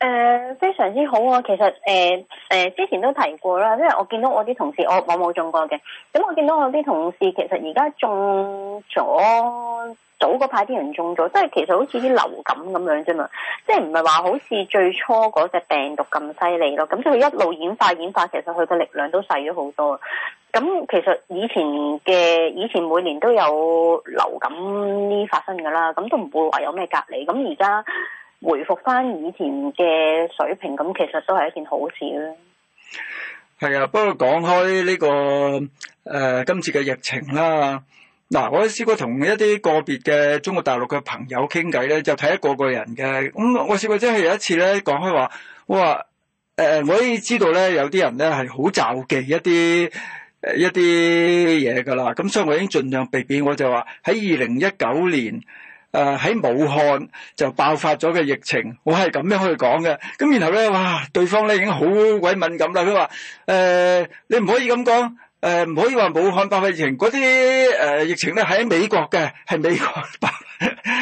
誒、呃，非常之好啊！其實誒誒、呃呃，之前都提過啦，因為我見到我啲同事，我我冇中過嘅，咁我見到我啲同事其實而家中咗。早嗰排啲人中咗，即係其實好似啲流感咁樣啫嘛，即係唔係話好似最初嗰隻病毒咁犀利咯。咁即係佢一路演化演化，其實佢嘅力量都細咗好多。咁其實以前嘅以前每年都有流感呢發生噶啦，咁都唔會話有咩隔離。咁而家回複翻以前嘅水平，咁其實都係一件好事啦。係啊，不過講開呢個誒，呃，今次嘅疫情啦。嗱、啊，我試過同一啲個別嘅中國大陸嘅朋友傾偈咧，就睇一個個人嘅。咁、嗯、我試過真係有一次咧講開話、呃，我話誒，我已知道咧有啲人咧係好詐忌一啲、呃、一啲嘢㗎啦。咁所以我已經盡量避免，我就話喺二零一九年喺、呃、武漢就爆發咗嘅疫情，我係咁樣去講嘅。咁然後咧，哇，對方咧已經好鬼敏感啦，佢話、呃、你唔可以咁講。誒、呃，唔可以話武漢爆發疫情嗰啲誒疫情咧，喺美國嘅係美國爆，誒 (laughs)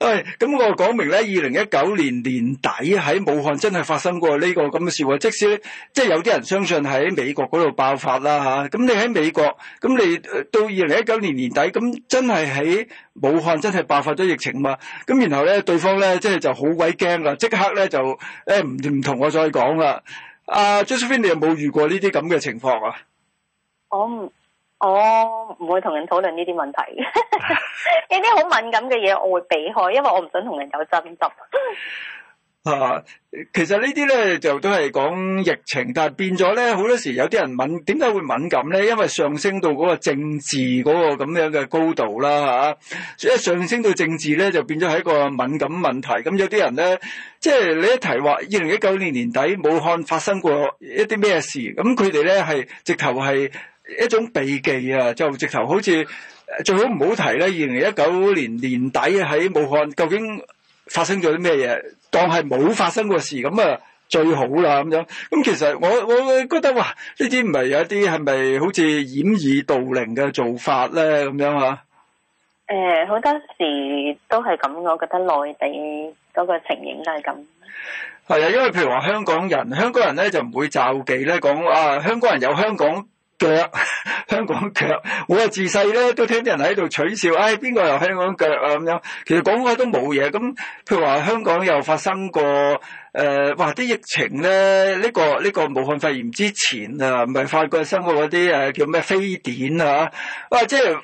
咁、哎、我講明咧，二零一九年年底喺武漢真係發生過呢個咁嘅事。即使即係有啲人相信喺美國嗰度爆發啦吓，咁、啊、你喺美國，咁你、呃、到二零一九年年底，咁真係喺武漢真係爆發咗疫情嘛？咁、啊、然後咧，對方咧即係就好鬼驚啦，即刻咧就誒唔唔同我再講啦。阿、啊、Josephine，你有冇遇過呢啲咁嘅情況啊？我唔，我唔會同人討論呢啲問題，呢啲好敏感嘅嘢，我會避開，因為我唔想同人有爭執。 (laughs) 啊，其實呢啲咧就都係講疫情，但係變咗咧好多時有啲人敏，點解會敏感咧？因為上升到嗰個政治嗰個咁樣嘅高度啦，吓、啊，所以上升到政治咧就變咗係一個敏感問題。咁有啲人咧，即係你一提話二零一九年年底武漢發生過一啲咩事，咁佢哋咧係直頭係。一種避忌啊，就直頭好似最好唔好提咧。二零一九年年，年底喺武漢，究竟發生咗啲咩嘢？當係冇發生過事咁啊，最好啦咁樣。咁其實我我覺得哇，呢啲唔係有啲係咪好似掩耳盜鈴嘅做法咧咁樣啊，誒，好多時都係咁，我覺得內地嗰個情形都係咁。係啊，因為譬如話香港人，香港人咧就唔會就記咧講啊，香港人有香港。腳香港腳，我啊自細咧都聽啲人喺度取笑，唉邊個又香港腳啊咁樣。其實講開都冇嘢，咁譬如話香港又發生過誒、呃，哇啲疫情咧，呢、這個呢、這個武漢肺炎之前啊，唔係發過生過嗰啲誒叫咩非典啊，哇、啊啊、即係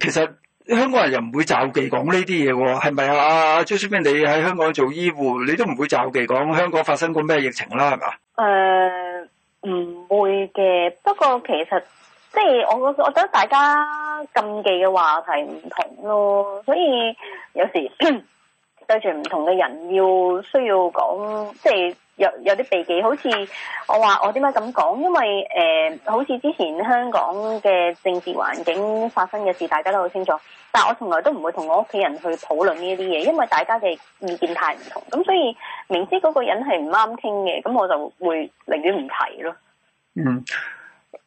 其實香港人又唔會棹忌講呢啲嘢喎，係咪啊？阿朱 sir 你喺香港做醫護，你都唔會棹忌講香港發生過咩疫情啦，係嘛？誒、uh...。唔會嘅，不過其實即係我，我覺得大家禁忌嘅話題唔同咯，所以有時對住唔同嘅人要需要講即係。有有啲避忌，好似我話我點解咁講，因為誒、呃，好似之前香港嘅政治環境發生嘅事，大家都好清楚。但係我從來都唔會同我屋企人去討論呢啲嘢，因為大家嘅意見太唔同，咁所以明知嗰個人係唔啱傾嘅，咁我就會寧願唔提咯。嗯，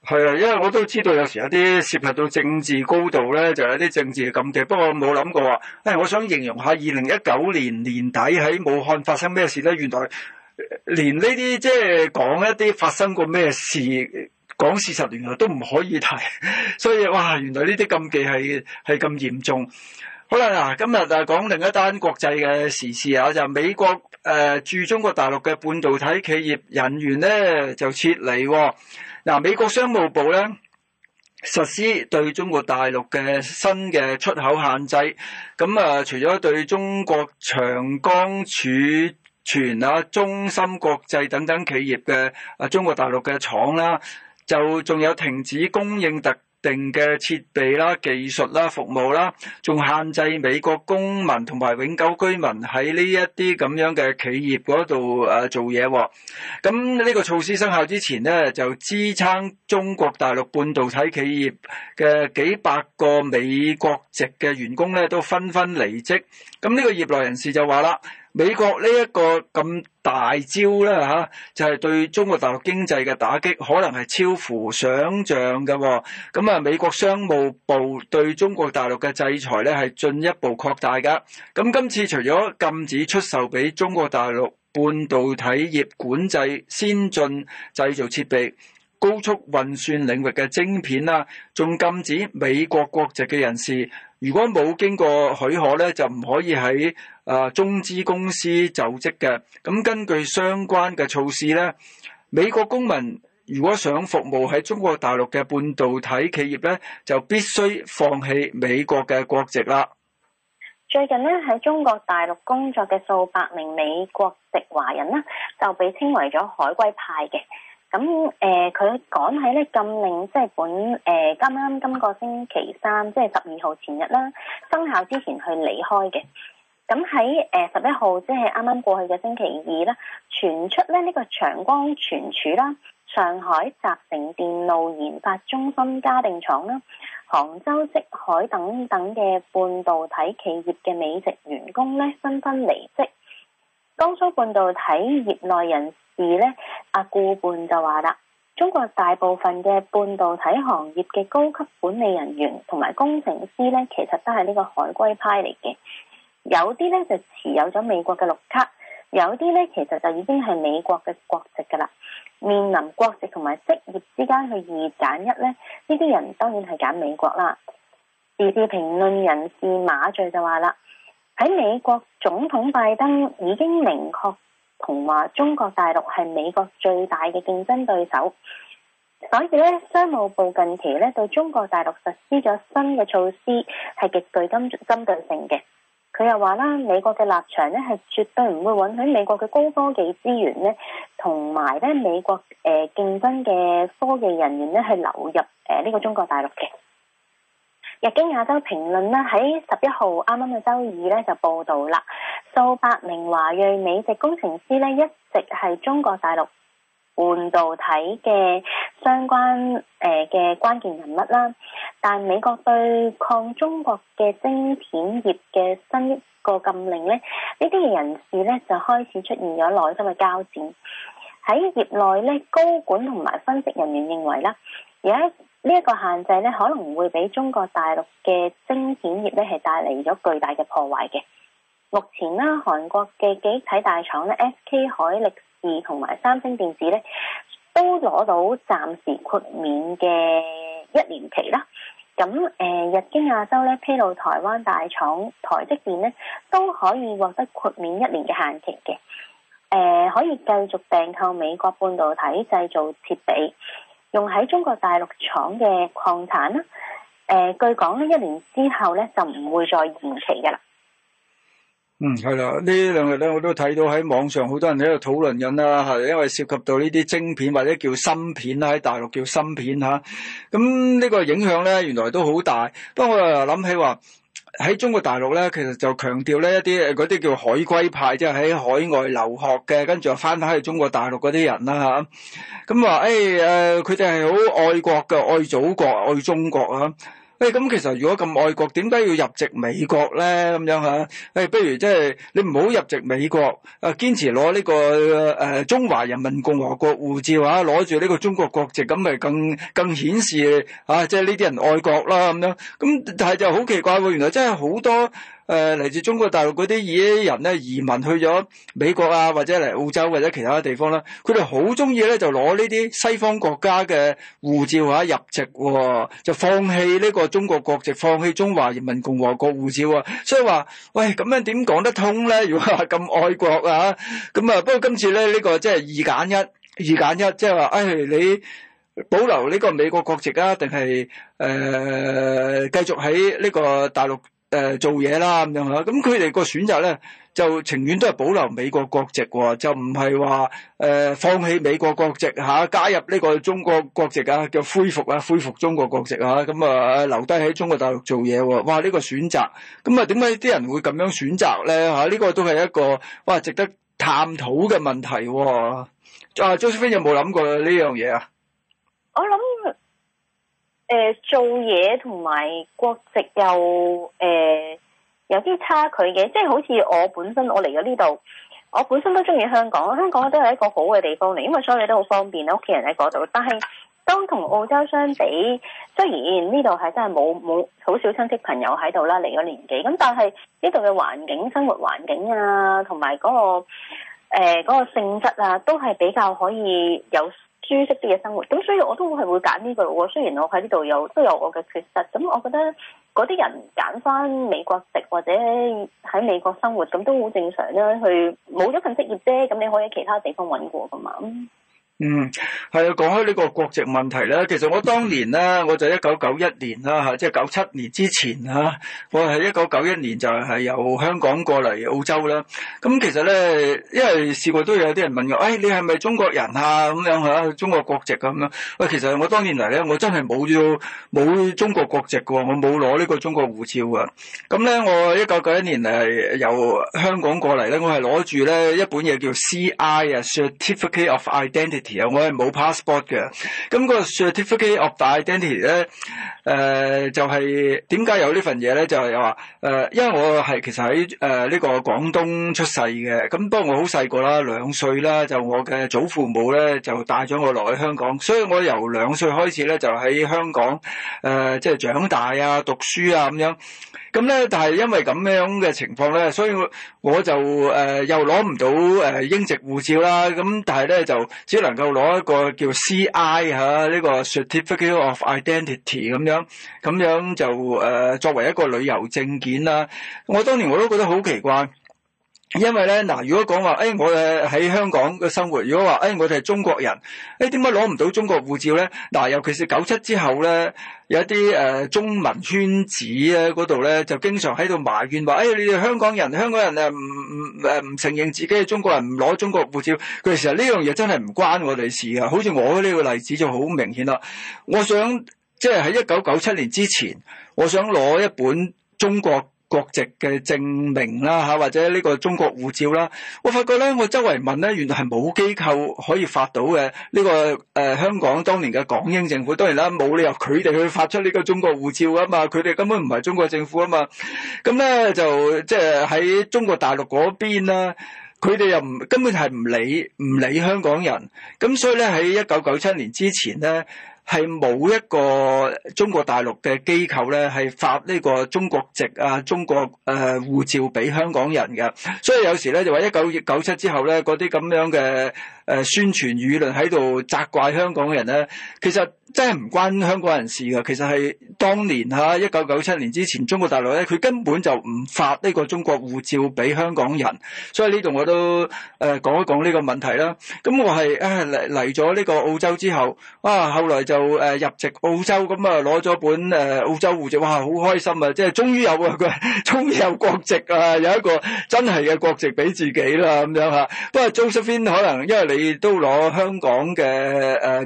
係啊，因為我都知道有時有啲涉及到政治高度咧，就有啲政治嘅禁忌。不過我冇諗過誒、哎，我想形容下二零一九年年底喺武漢發生咩事咧？原來。連呢啲即係講一啲發生過咩事，講事實原來都唔可以提，所以哇，原來呢啲禁忌係係咁嚴重。好啦，嗱，今日就講另一單國際嘅時事啊，就係，美國誒駐、呃、中國大陸嘅半導體企業人員咧就撤離、哦。嗱、呃，美國商務部咧實施對中國大陸嘅新嘅出口限制。咁、呃、啊，除咗對中國長江儲全啊，中芯國際等等企業嘅啊，中國大陸嘅廠啦，就仲有停止供應特定嘅設備啦、技術啦、服務啦，仲限制美國公民同埋永久居民喺呢一啲咁樣嘅企業嗰度誒做嘢。咁呢個措施生效之前咧，就支撐中國大陸半導體企業嘅幾百個美國籍嘅員工咧，都紛紛離職，咁呢個業內人士就話啦。美國呢一個咁大招咧，嚇就係對中國大陸經濟嘅打擊，可能係超乎想象想像嘅。咁啊，美國商務部對中國大陸嘅制裁咧，係進一步擴大噶。咁今次除咗禁止出售俾中國大陸半導體業管制先進製造設備、高速運算領域嘅晶片啊，仲禁止美國國籍嘅人士。如果冇經過許可咧，就唔可以喺啊中資公司就職嘅。咁根據相關嘅措施咧，美國公民如果想服務喺中國大陸嘅半導體企業咧，就必須放棄美國嘅國籍啦。最近咧，喺中國大陸工作嘅數百名美國籍華人啦，就被稱為咗「海歸派」嘅。咁誒，佢講喺咧禁令即係、就是、本誒，啱啱今個星期三即係十二號前日啦，生效之前去離開嘅。咁喺誒十一號即係啱啱過去嘅星期二啦，傳出咧呢、這個長江存儲啦、上海集成電路研發中心嘉定廠啦、杭州積海等等嘅半導體企業嘅美籍員工咧，紛紛離職。江蘇半導體業內人士咧，阿顧伴就話啦：中國大部分嘅半導體行業嘅高級管理人員同埋工程師咧，其實都係呢個海歸派嚟嘅。有啲咧就持有咗美國嘅綠卡，有啲咧其實就已經係美國嘅國籍噶啦。面臨國籍同埋職業之間去二揀一咧，呢啲人當然係揀美國啦。時事評論人士馬敘就話啦。喺美國總統拜登已經明確同話中國大陸係美國最大嘅競爭對手，所以咧商務部近期咧對中國大陸實施咗新嘅措施，係極具針針對性嘅。佢又話啦，美國嘅立場咧係絕對唔會允許美國嘅高科技資源咧同埋咧美國誒競爭嘅科技人員咧去流入誒呢個中國大陸嘅。《日經亞洲評論》咧喺十一號啱啱嘅週二咧就報道啦，數百名華裔美籍工程師咧一直係中國大陸半導體嘅相關誒嘅關鍵人物啦，但美國對抗中國嘅晶片業嘅新一個禁令咧，呢啲人士咧就開始出現咗內心嘅交戰。喺業內咧，高管同埋分析人員認為啦，而家呢、這、一個限制咧，可能會俾中國大陸嘅晶片業咧，係帶嚟咗巨大嘅破壞嘅。目前啦，韓國嘅機體大廠咧，SK 海力士同埋三星電子咧，都攞到暫時豁免嘅一年期啦。咁誒，日經亞洲咧披露，台灣大廠台積電咧，都可以獲得豁免一年嘅限期嘅。誒，可以繼續訂購美國半導體製造設備。用喺中國大陸廠嘅礦產啦，誒、呃、據講咧一年之後咧就唔會再延期㗎喇。嗯，係啦，呢兩日咧我都睇到喺網上好多人喺度討論緊啦，係因為涉及到呢啲晶片或者叫芯片啦，喺大陸叫芯片吓，咁、啊、呢個影響咧原來都好大。不過我又諗起話。喺中國大陸咧，其實就強調咧一啲誒嗰啲叫海歸派，即係喺海外留學嘅，跟住又翻返去中國大陸嗰啲人啦嚇。咁話誒誒，佢哋係好愛國嘅，愛祖國，愛中國啊！誒，咁其實如果咁愛國，點解要入籍美國咧？咁樣吓，誒，不如即係你唔好入籍美國，堅持攞呢個誒中華人民共和國護照啊，攞住呢個中國國籍，咁咪更更顯示啊，即係呢啲人愛國啦，咁樣，咁但係就好奇怪喎，原來真係好多。誒、呃，嚟自中國大陸嗰啲嘢人咧，移民去咗美國啊，或者嚟澳洲或者其他地方啦、啊，佢哋好中意咧就攞呢啲西方國家嘅護照啊入籍啊，就放棄呢個中國國籍，放棄中華人民共和國護照啊，所以話喂，咁樣點講得通咧？如果話咁愛國啊，咁啊，不過今次咧呢、這個即係二揀一，二揀一，即係話誒，你保留呢個美國國籍啊，定係誒繼續喺呢個大陸？誒、呃，做嘢啦咁樣，咁佢哋個選擇咧，就情願都係保留美國國籍，哦，就唔係話誒放棄美國國籍吓，啊，加入呢個中國國籍啊，叫恢復啊，恢復中國國籍啊，咁啊留低喺中國大陸做嘢，哦。哇、呢、這個選擇，咁啊點解啲人會咁樣選擇咧吓？呢、啊這個都係一個哇值得探討嘅問題，哦。阿 Josephine 有冇諗過呢樣嘢啊？有有我諗。誒、呃，做嘢同埋國籍又誒有啲、呃、差距嘅，即係好似我本身，我嚟咗呢度，我本身都中意香港，香港都係一個好嘅地方嚟，因為所有嘢都好方便，屋企人喺嗰度。但係當同澳洲相比，雖然呢度係真係冇冇好少親戚朋友喺度啦，嚟咗年紀咁，但係呢度嘅環境、生活環境啊，同埋嗰個誒嗰、呃嗰個性質啊，都係比較可以有舒適啲嘅生活，咁所以我都係會揀呢個咯。雖然我喺呢度有都有我嘅缺失，咁我覺得嗰啲人揀翻美國籍或者喺美國生活，咁都好正常啦。佢冇咗份職業啫，咁你可以喺其他地方揾過噶嘛嗯，係啊，講開呢個國籍問題咧，其實我當年咧，我就一九九一年啦吓，即係九七年之前吓，我係一九九一年就係由香港過嚟澳洲啦。咁其實咧，因為試過都有啲人問我，誒、哎，你係咪中國人啊？咁樣吓，中國國籍咁樣。喂，其實我當年嚟咧，我真係冇要冇中國國籍噶，我冇攞呢個中國護照噶。咁咧，我一九九一年嚟由香港過嚟咧，我係攞住咧一本嘢叫 C.I. 啊，Certificate of Identity。我係冇 passport 嘅，咁個 Certificate of Identity 咧，誒就係點解有呢份嘢咧？就係話誒，因為我係其實喺誒呢個廣東出世嘅，咁不過我好細個啦，兩歲啦，就我嘅祖父母咧就帶咗我落去香港，所以我由兩歲開始咧就喺香港誒即係長大啊、讀書啊咁樣。咁咧，但係因為咁樣嘅情況咧，所以我我就誒、呃、又攞唔到誒英籍護照啦。咁但係咧就只能夠攞一個叫 C.I. 呢、啊呢個 Certificate of Identity 咁樣，咁樣就誒、呃、作為一個旅遊證件啦。我當年我都覺得好奇怪，因為咧嗱、呃，如果講話誒我誒喺香港嘅生活，如果話誒、哎、我哋係中國人，誒點解攞唔到中國護照咧？嗱、呃，尤其是九七之後咧。有一啲誒、呃、中文圈子咧，嗰度咧就經常喺度埋怨話：誒、哎、你哋香港人，香港人誒唔唔誒唔承認自己係中國人，唔攞中國護照。佢其實呢樣嘢真係唔關我哋事啊！好似我呢個例子就好明顯啦。我想即係喺一九九七年之前，我想攞一本中國國籍嘅證明啦，吓或者呢個中國護照啦，我發覺咧，我周圍問咧，原來係冇機構可以發到嘅。呢個誒香港當年嘅港英政府，當然啦，冇理由佢哋去發出呢個中國護照啊嘛，佢哋根本唔係中國政府啊嘛，咁咧就即係喺中國大陸嗰邊啦，佢哋又唔根本係唔理唔理香港人，咁所以咧喺一九九七年之前咧。係冇一個中國大陸嘅機構咧，係發呢個中國籍啊、中國誒護照俾香港人嘅，所以有時咧就話一九九七之後咧，嗰啲咁樣嘅。誒宣傳輿論喺度責怪香港嘅人咧，其實真係唔關香港人嘅事㗎。其實係當年嚇一九九七年之前，中國大陸咧佢根本就唔發呢個中國護照俾香港人，所以呢度我都、呃、講一講呢個問題啦。咁我係嚟嚟咗呢個澳洲之後，哇、啊，後來就、呃、入籍澳洲，咁啊攞咗本、呃、澳洲護照，哇，好開心啊！即係終於有啊，佢終於有國籍啊，有一個真係嘅國籍俾自己啦咁樣啊，不過 Josephine 可能因為你。你都攞香港嘅、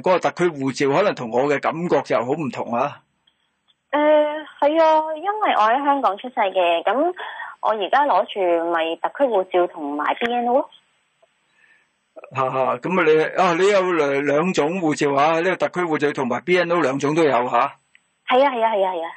誒嗰個特區護照，可能同我嘅感覺就好唔同啊！誒，係啊，因為我喺香港出世嘅，咁我而家攞住咪特區護照同埋 BNO 咯。吓吓，咁啊你啊你有兩兩種護照啊？呢個特區護照同埋 BNO 兩種都有吓？係啊係啊係啊係啊！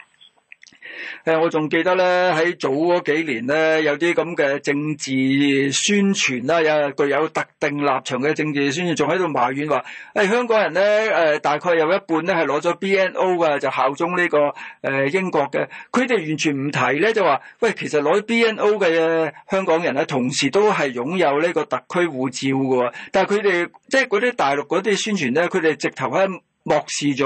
誒，我仲記得咧，喺早嗰幾年咧，有啲咁嘅政治宣傳啦，有具有特定立場嘅政治宣傳，仲喺度埋怨話，誒、哎，香港人咧，誒、呃，大概有一半咧係攞咗 BNO 嘅，就效忠呢個誒、呃、英國嘅，佢哋完全唔提咧，就話，喂，其實攞 BNO 嘅香港人咧，同時都係擁有呢個特區護照喎，但係佢哋即係嗰啲大陸嗰啲宣傳咧，佢哋直頭喺漠視咗。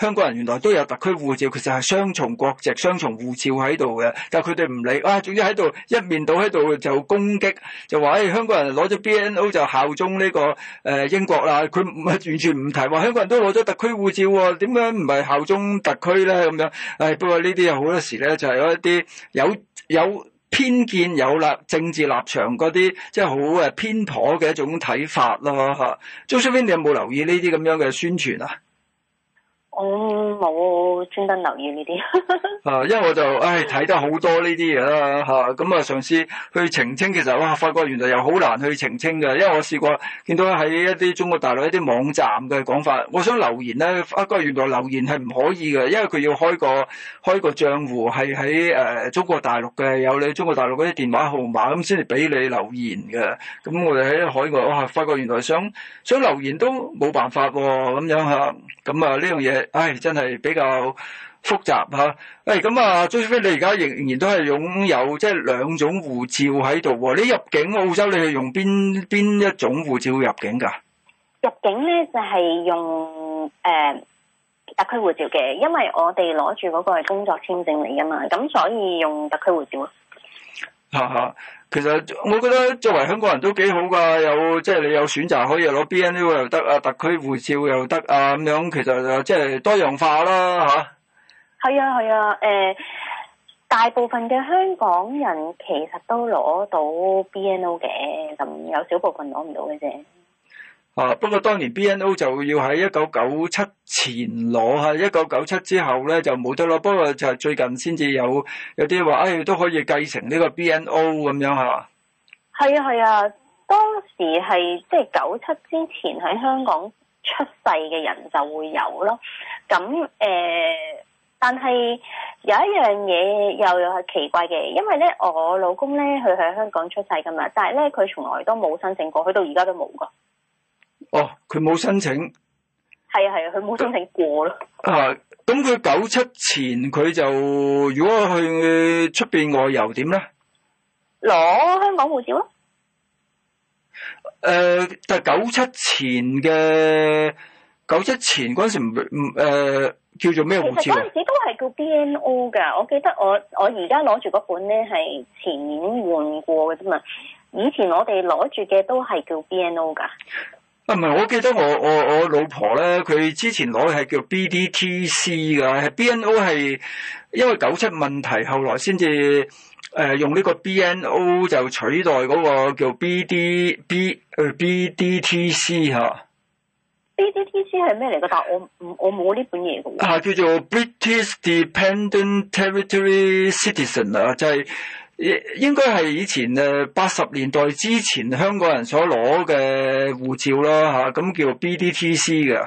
香港人原來都有特區護照，其實係雙重國籍、雙重護照喺度嘅，但係佢哋唔理。哇，總之喺度一面倒喺度就攻擊，就話誒香港人攞咗 BNO 就效忠呢個誒英國啦。佢唔係完全唔提，話香港人都攞咗特區護照喎，點解唔係效忠特區咧？咁樣。誒不過呢啲好多時咧就係有一啲有有偏見、有立政治立場嗰啲，即係好誒偏頗嘅一種睇法咯。嚇，Josephine，你有冇留意呢啲咁樣嘅宣傳啊？我冇專登留意呢啲，啊，因為我就唉睇、哎、得好多呢啲嘢啦，吓，咁啊！上次去澄清，其實哇，發覺原來又好難去澄清嘅，因為我試過見到喺一啲中國大陸一啲網站嘅講法，我想留言咧，發覺原來留言係唔可以嘅，因為佢要開個開個賬戶係喺誒中國大陸嘅，有你中國大陸嗰啲電話號碼，咁先至俾你留言嘅。咁我哋喺海外，我、啊、發覺原來想想留言都冇辦法喎、哦，咁樣吓，咁啊呢樣嘢、啊。唉、哎，真係比較複雜嚇。唉，咁啊，朱小姐，你而家仍然都係擁有即係、就是、兩種護照喺度喎。你入境澳洲你，你係用邊邊一種護照入境噶？入境咧，就係用誒、呃、特區護照嘅，因為我哋攞住嗰個係工作簽證嚟噶嘛，咁所以用特區護照咯、啊。嚇嚇。其實我覺得作為香港人都幾好噶，有即係、就是、你有選擇可以攞 B N O 又得啊，特區護照又得啊，咁樣其實就即係多樣化啦嚇。係啊係啊，啊、呃，大部分嘅香港人其實都攞到 B N O 嘅，咁有少部分攞唔到嘅啫。啊！不過當年 BNO 就要喺一九九七前攞嚇，一九九七之後咧就冇得咯。不過就係最近先至有有啲話，唉、哎、都可以繼承呢個 BNO 咁樣嚇、啊。係啊係啊，當時係即係九七之前喺香港出世嘅人就會有咯。咁誒、呃，但係有一樣嘢又又係奇怪嘅，因為咧我老公咧佢喺香港出世噶嘛，但係咧佢從來都冇申請過，佢到而家都冇個。哦，佢冇申請，係啊係啊，佢冇申請過咯。啊，咁佢九七前佢就如果去出邊外遊點咧？攞香港護照咯。誒、呃，但係九七前嘅九七前嗰陣時唔誒、呃、叫做咩護照？其實嗰陣時都係叫 BNO 噶，我記得我我而家攞住嗰本咧係前年換過嘅啫嘛。以前我哋攞住嘅都係叫 BNO 噶。唔係，我記得我我我老婆咧，佢之前攞係叫 B D T C 㗎，B N O 係因為九七問題，後來先至、呃、用呢個 B N O 就取代嗰個叫 BD, B D B 誒 B D T C 吓。B D T C 係咩嚟㗎？但係我唔我冇呢本嘢嘅、啊、叫做 British Dependent Territory Citizen 啊，就係、係。應該係以前誒八十年代之前香港人所攞嘅護照啦，嚇咁叫 B D T C 嘅。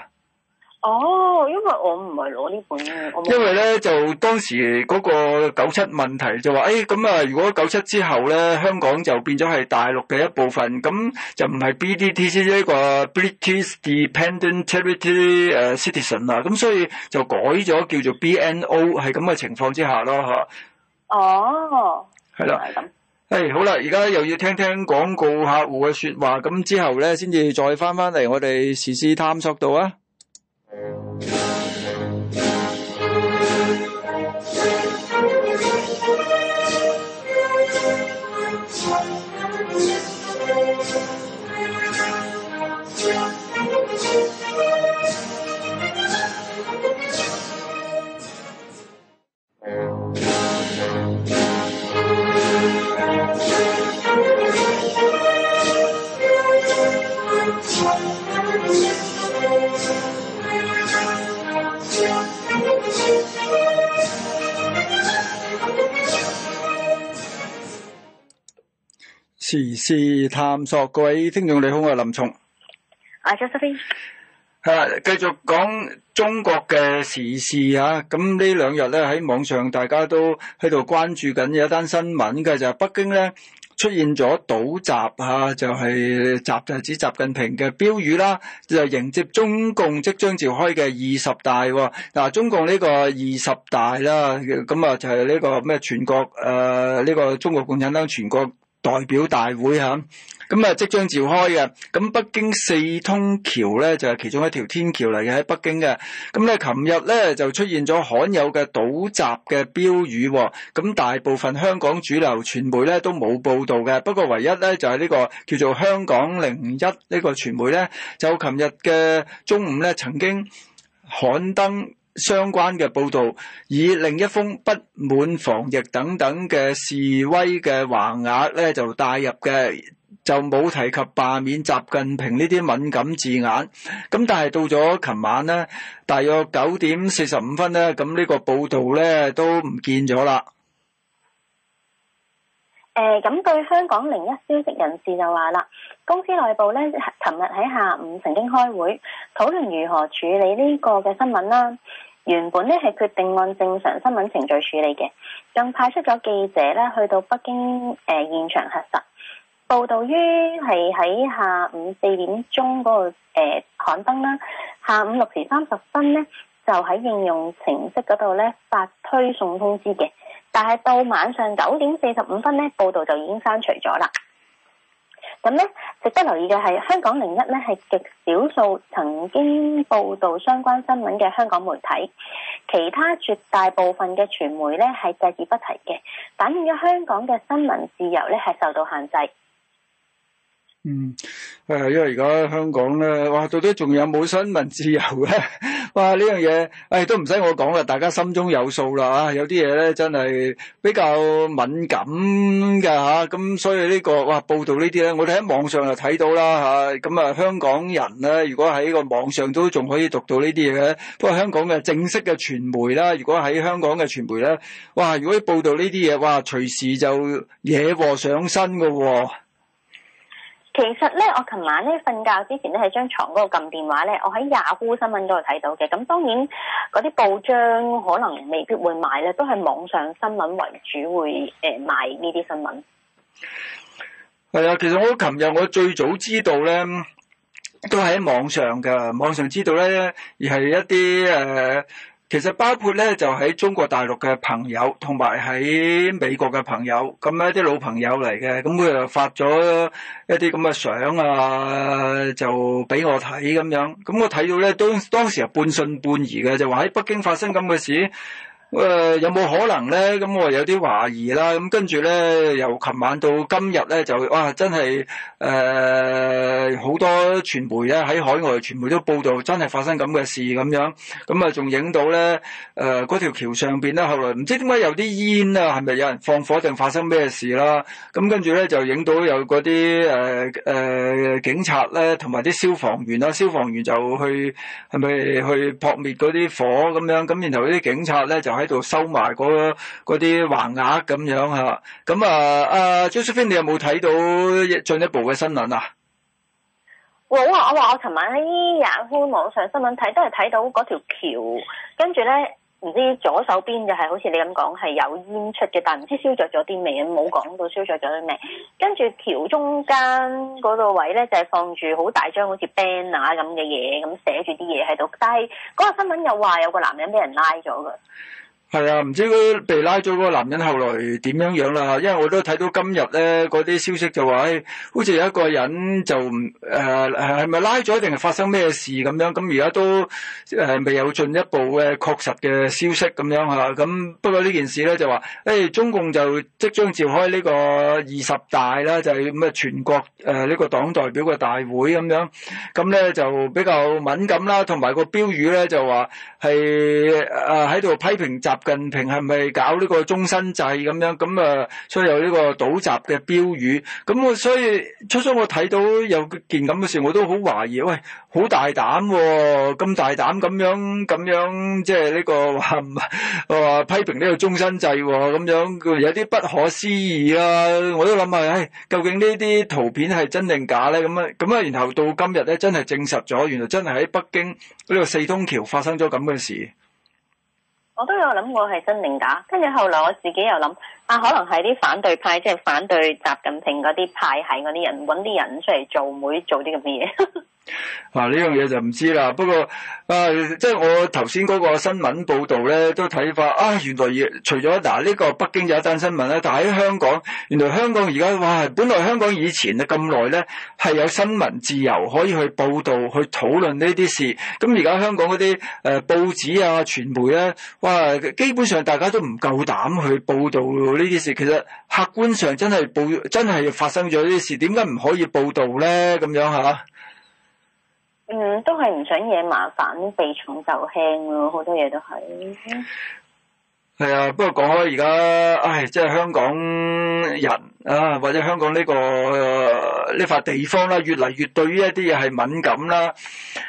哦，因為我唔係攞呢本，因為咧就當時嗰個九七問題就話，誒咁啊，如果九七之後咧，香港就變咗係大陸嘅一部分，咁就唔係 B D T C 呢個 British Dependent Territories 誒 citizen 啦，咁所以就改咗叫做 B N O，係咁嘅情況之下咯，哦、oh。係啦，係、hey, 好啦，而家又要聽聽廣告客戶嘅說話，咁之後咧先至再翻翻嚟我哋時事探索度啊。時事探索，各位聽眾你好，我係林松。係 Joseph，係繼續講中國嘅時事啊！咁呢兩日咧喺網上，大家都喺度關注緊有一單新聞嘅，就係、是、北京咧出現咗倒習就係、是、習就係、是、指習近平嘅標語啦，就迎接中共即將召開嘅二十大。嗱、啊，中共呢個二十大啦，咁啊就係呢個咩全國誒呢、啊這個中國共產黨全國。代表大會嚇，咁啊，即將召開嘅。咁北京四通橋咧，就係其中一條天橋嚟嘅，喺北京嘅咁咧。琴日咧就出現咗罕有嘅倒習嘅標語，咁大部分香港主流傳媒咧都冇報導嘅。不過唯一咧就係呢個叫做香港零一呢個傳媒咧，就琴日嘅中午咧曾經刊登相關嘅報道，以另一封不滿防疫、等等嘅示威嘅橫額咧，就帶入嘅，就冇提及罷免習近平呢啲敏感字眼。咁但係到咗琴晚咧，大約九點四十五分咧，咁呢個報道咧都唔見咗啦。誒、呃，咁據香港另一消息人士就話啦。公司內部咧，琴日喺下午曾經開會討論如何處理呢個嘅新聞啦。原本咧係決定按正常新聞程序處理嘅，仲派出咗記者咧去到北京、呃、現場核實。報導於係喺下午四點鐘嗰度、呃、刊登啦，下午六時三十分咧就喺應用程式嗰度咧發推送通知嘅，但係到晚上九點四十五分咧，報導就已經刪除咗啦。咁咧，值得留意嘅係香港零一咧，係極少數曾經報道相關新聞嘅香港媒體，其他絕大部分嘅傳媒咧係隻字不提嘅，反映咗香港嘅新聞自由咧係受到限制。嗯，誒、哎，因為而家香港咧，哇，到底仲有冇新聞自由咧？哇，呢樣嘢，誒、哎，都唔使我講啦，大家心中有數啦，吓，有啲嘢咧，真係比較敏感嘅吓，咁、啊、所以呢、呢個，哇，報道這些呢啲咧，我哋喺網上就睇到啦，吓，咁啊，香港人咧，如果喺個網上都仲可以讀到這些東西呢啲嘢嘅，不過香港嘅正式嘅傳媒啦，如果喺香港嘅傳媒咧，哇，如果報道呢啲嘢，哇，隨時就惹禍上身噶喎。其實咧，我琴晚咧瞓覺之前咧喺張床嗰度撳電話咧，我喺 Yahoo 新聞嗰度睇到嘅。咁當然嗰啲報章可能未必會買咧，都係網上新聞為主會買呢啲新聞。係啊，其實我琴日我最早知道咧，都喺網上嘅，網上知道咧而係一啲誒。呃其實包括咧，就喺中國大陸嘅朋友，同埋喺美國嘅朋友，咁一啲老朋友嚟嘅，咁佢又發咗一啲咁嘅相啊，就俾我睇咁樣，咁我睇到咧，當時係半信半疑嘅，就話喺北京發生咁嘅事。誒、呃、有冇可能咧？咁我有啲懷疑啦。咁跟住咧，由琴晚到今日咧，就哇真係誒好多傳媒咧喺海外傳媒都報道，真係發生咁嘅事咁樣。咁啊，仲影到咧誒嗰條橋上邊咧，後來唔知點解有啲煙啊，係咪有人放火定發生咩事啦？咁跟住咧就影到有嗰啲誒誒警察咧，同埋啲消防員啦，消防員就去係咪去撲滅嗰啲火咁樣？咁然後啲警察咧就喺。喺度收埋嗰嗰啲橫額咁樣吓，咁啊阿、啊、Josephine，你有冇睇到進一,一步嘅新聞啊？冇啊！我話我尋晚喺 Yahoo 網上新聞睇，都係睇到嗰條橋，跟住咧唔知左手邊就係、是、好似你咁講係有煙出嘅，但唔知燒着咗啲咩嘢，冇講到燒着咗啲咩。跟住橋中間嗰個位咧就係、是、放住好大張好似 banner 咁嘅嘢，咁寫住啲嘢喺度。但係嗰個新聞又話有個男人俾人拉咗嘅。係啊，唔知道被拉咗嗰個男人後來點樣樣啦，因為我都睇到今日咧嗰啲消息就話、哎，好似有一個人就唔誒誒係咪拉咗定係發生咩事咁樣，咁而家都未有進一步嘅確實嘅消息咁樣嚇，咁不過呢件事咧就話、哎，中共就即將召開呢個二十大啦，就係咁啊全國誒呢個黨代表嘅大會咁樣，咁咧就比較敏感啦，同埋個標語咧就話係誒喺度批評習近平係咪搞呢個終身制咁樣？咁啊，所以有呢個倒習嘅標語。咁我所以初初我睇到有件咁嘅事，我都好懷疑。喂，好大膽喎、哦！咁大膽咁樣咁樣，即係呢個話話批評呢個終身制咁樣，樣樣樣樣有啲不可思議啊！我都諗下，唉、哎，究竟呢啲圖片係真定假咧？咁啊咁啊，然後到今日咧，真係證實咗，原來真係喺北京呢、這個四通橋發生咗咁嘅事。我都有諗過係真定假，跟住後，後來我自己又諗，啊可能係啲反對派，即係反對習近平嗰啲派系嗰啲人，搵啲人出嚟做會做啲咁嘅嘢。 (laughs) 嗱、啊，呢樣嘢，就唔知啦。不過啊，即係我頭先嗰個新聞報道咧，都睇返啊，原來除咗嗱，呢個北京有一單新聞咧，但係喺香港，原來香港而家哇，本來香港以前啊咁耐咧係有新聞自由可以去報道去討論呢啲事。咁而家香港嗰啲誒報紙啊傳媒咧，哇，基本上大家都唔夠膽去報道呢啲事。其實客觀上真係報真係發生咗呢啲事，點解唔可以報道咧？咁樣吓？啊嗯，都係唔想惹麻煩，避重就輕咯，好多嘢都係。係啊，不過講開而家，唉，即係香港人啊，或者香港呢個呢塊地方啦，越嚟越對於一啲嘢係敏感啦。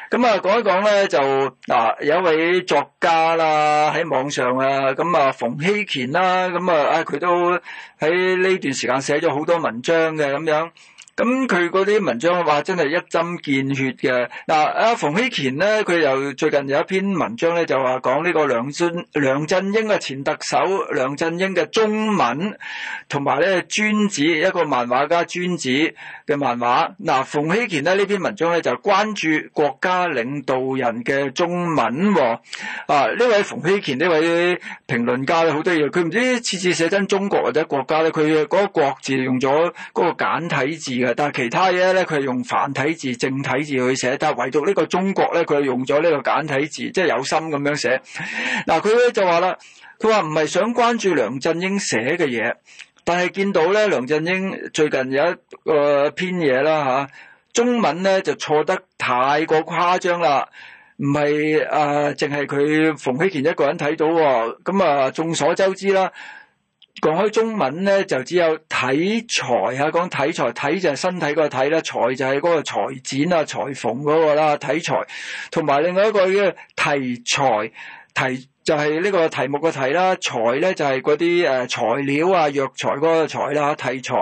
咁啊，講一講咧，就嗱，有一位作家啦，喺網上啊，咁啊，馮睎乾啦，咁啊，啊，佢都喺呢段時間寫咗好多文章嘅咁樣。咁佢嗰啲文章嘅話，真係一針見血嘅。嗱，阿馮希乾咧，佢又最近有一篇文章咧，就話講呢個梁振、梁振英嘅前特首梁振英嘅中文，同埋咧尊子一個漫畫家尊子嘅漫畫。嗱，馮睎乾咧呢篇文章咧就關注國家領導人嘅中文，哦。啊，位位呢位馮睎乾呢位評論家咧好多嘢，佢唔知次次寫真中國或者國家咧，佢嗰個國字用咗個簡體字。但其他嘢咧，佢係用繁體字、正體字去寫，但唯獨呢個中國咧，佢係用咗呢個簡體字，即係有心咁樣寫。嗱、啊，佢咧就話啦，佢話唔係想關注梁振英寫嘅嘢，但係見到咧梁振英最近有一個、呃、篇嘢啦、啊、中文咧就錯得太過誇張啦，唔係啊，淨係佢馮睎乾一個人睇到喎、哦，咁啊，眾所周知啦。講開中文咧，就只有體裁啊，講體裁，體就係身體個體啦，裁就係嗰個裁剪啊、裁縫嗰個啦，體裁。同埋另外一個嘅題材，題就係呢個題目個題啦，材咧就係嗰啲誒材料啊、藥材嗰個材啦，題材。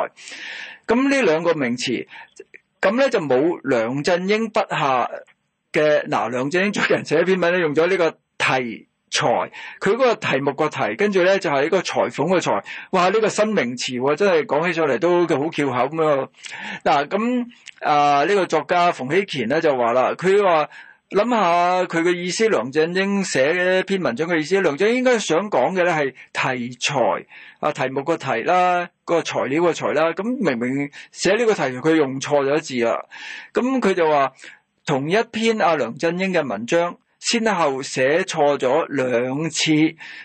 咁呢兩個名詞，咁咧就冇梁振英筆下嘅，嗱，梁振英最近寫篇文咧，用咗呢個題材，佢嗰個題目個題，跟住咧就係、是、一個裁縫嘅裁，哇！呢、這個新名詞喎、啊，真係講起上嚟都好翹口咁啊！嗱，咁啊呢、這個作家馮睎乾咧就話啦，佢話諗下佢嘅意思，梁振英寫嘅一篇文章嘅意思，梁振英應該想講嘅咧係題材啊題目個題啦，那個材料個材啦，咁明明寫呢個題材佢用錯咗字啊，咁佢就話同一篇阿梁振英嘅文章。先後寫錯咗兩次，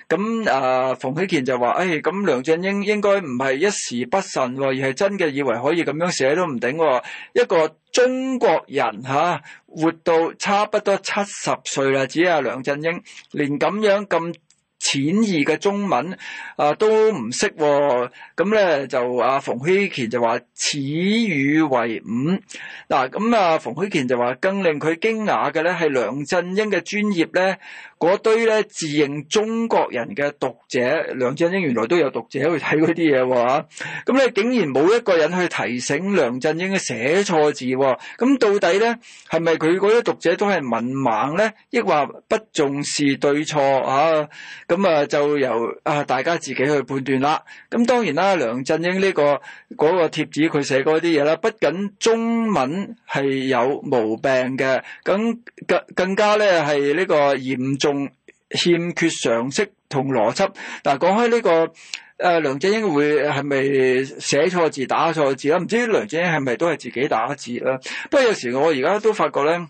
咁啊、呃，馮睎乾就話：，誒、哎，咁梁振英應該唔係一時不慎喎，而係真嘅以為可以咁樣寫都唔頂喎。一個中國人吓、啊，活到差不多七十歲啦，只係梁振英連咁樣咁。淺易嘅中文啊都唔識、哦，咁咧就阿、啊、馮睎乾就話恥與為伍，嗱咁啊，啊馮睎乾就話更令佢驚訝嘅咧係梁振英嘅專業咧。嗰堆咧自認中國人嘅讀者，梁振英原來都有讀者去睇嗰啲嘢，咁咧竟然冇一個人去提醒梁振英嘅寫錯字，咁到底咧係咪佢嗰啲讀者都係文盲咧，抑或不重視對錯啊，咁啊就由啊大家自己去判斷啦。咁當然啦，梁振英呢個嗰個貼子佢寫嗰啲嘢啦，不僅中文係有毛病嘅，咁更更加咧係呢個嚴重。用欠缺常識同邏輯。嗱，講開呢個誒，梁振英會係咪寫錯字打錯字咧？唔知梁振英係咪都係自己打字咧？不過有時我而家都發覺咧，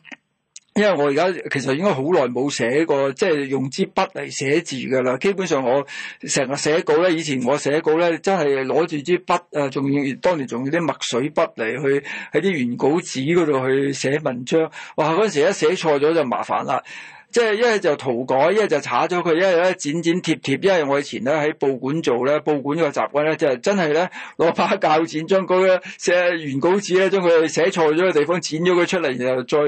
因為我而家其實應該好耐冇寫過，即係用支筆嚟寫字噶啦。基本上我成日寫稿咧，以前我寫稿咧真係攞住支筆啊，仲要當年仲要啲墨水筆嚟去喺啲原稿紙嗰度去寫文章。哇，嗰陣時一寫錯咗就麻煩啦。即、就、係、是、一係就塗改，一係就拆咗佢，一係咧剪剪貼貼。因為我以前咧喺報館做咧，報館個習慣咧就真係咧攞把鉸剪將嗰個寫原稿紙咧，將佢寫錯咗嘅地方剪咗佢出嚟，然後再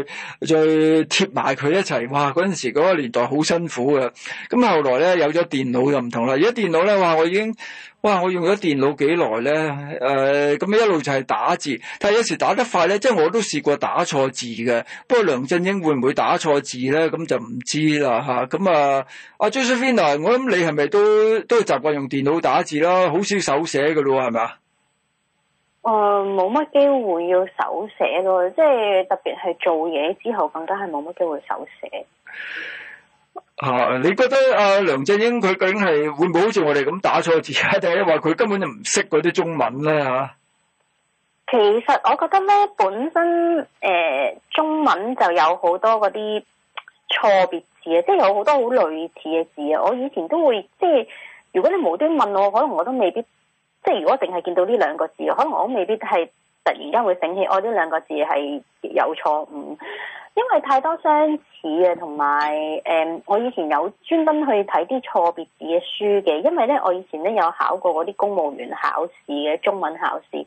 再貼埋佢一齊。哇！嗰陣時嗰、那個年代好辛苦嘅。咁後來咧有咗電腦就唔同啦。而家電腦咧話我已經。哇！我用咗電腦幾耐？咧？誒、呃，咁一路就係打字，但係有時打得快咧，即係我都試過打錯字嘅。不過梁振英會唔會打錯字咧？咁就唔知啦吓。咁啊，阿、啊、Josephina，我諗你係咪都都習慣用電腦打字啦？好少手寫噶咯，係咪啊？誒、呃，冇乜機會要手寫咯，即、就、係、是、特別係做嘢之後，更加係冇乜機會手寫。嚇、啊！你覺得阿、啊、梁振英佢究竟係會唔會好似我哋咁打錯字，定係因為佢根本就唔識嗰啲中文咧？嚇！其實我覺得咧，本身誒、呃、中文就有好多嗰啲錯別字啊，即、就、係、是、有好多好類似嘅字啊。我以前都會即係、就是，如果你無端問我，可能我都未必即係。就是、如果淨係見到呢兩個字，可能我都未必係突然間會醒起，我呢兩個字係有錯誤。因為太多相似啊，同埋誒，我以前有專登去睇啲錯別字嘅書嘅，因為咧我以前咧有考過嗰啲公務員考試嘅中文考試，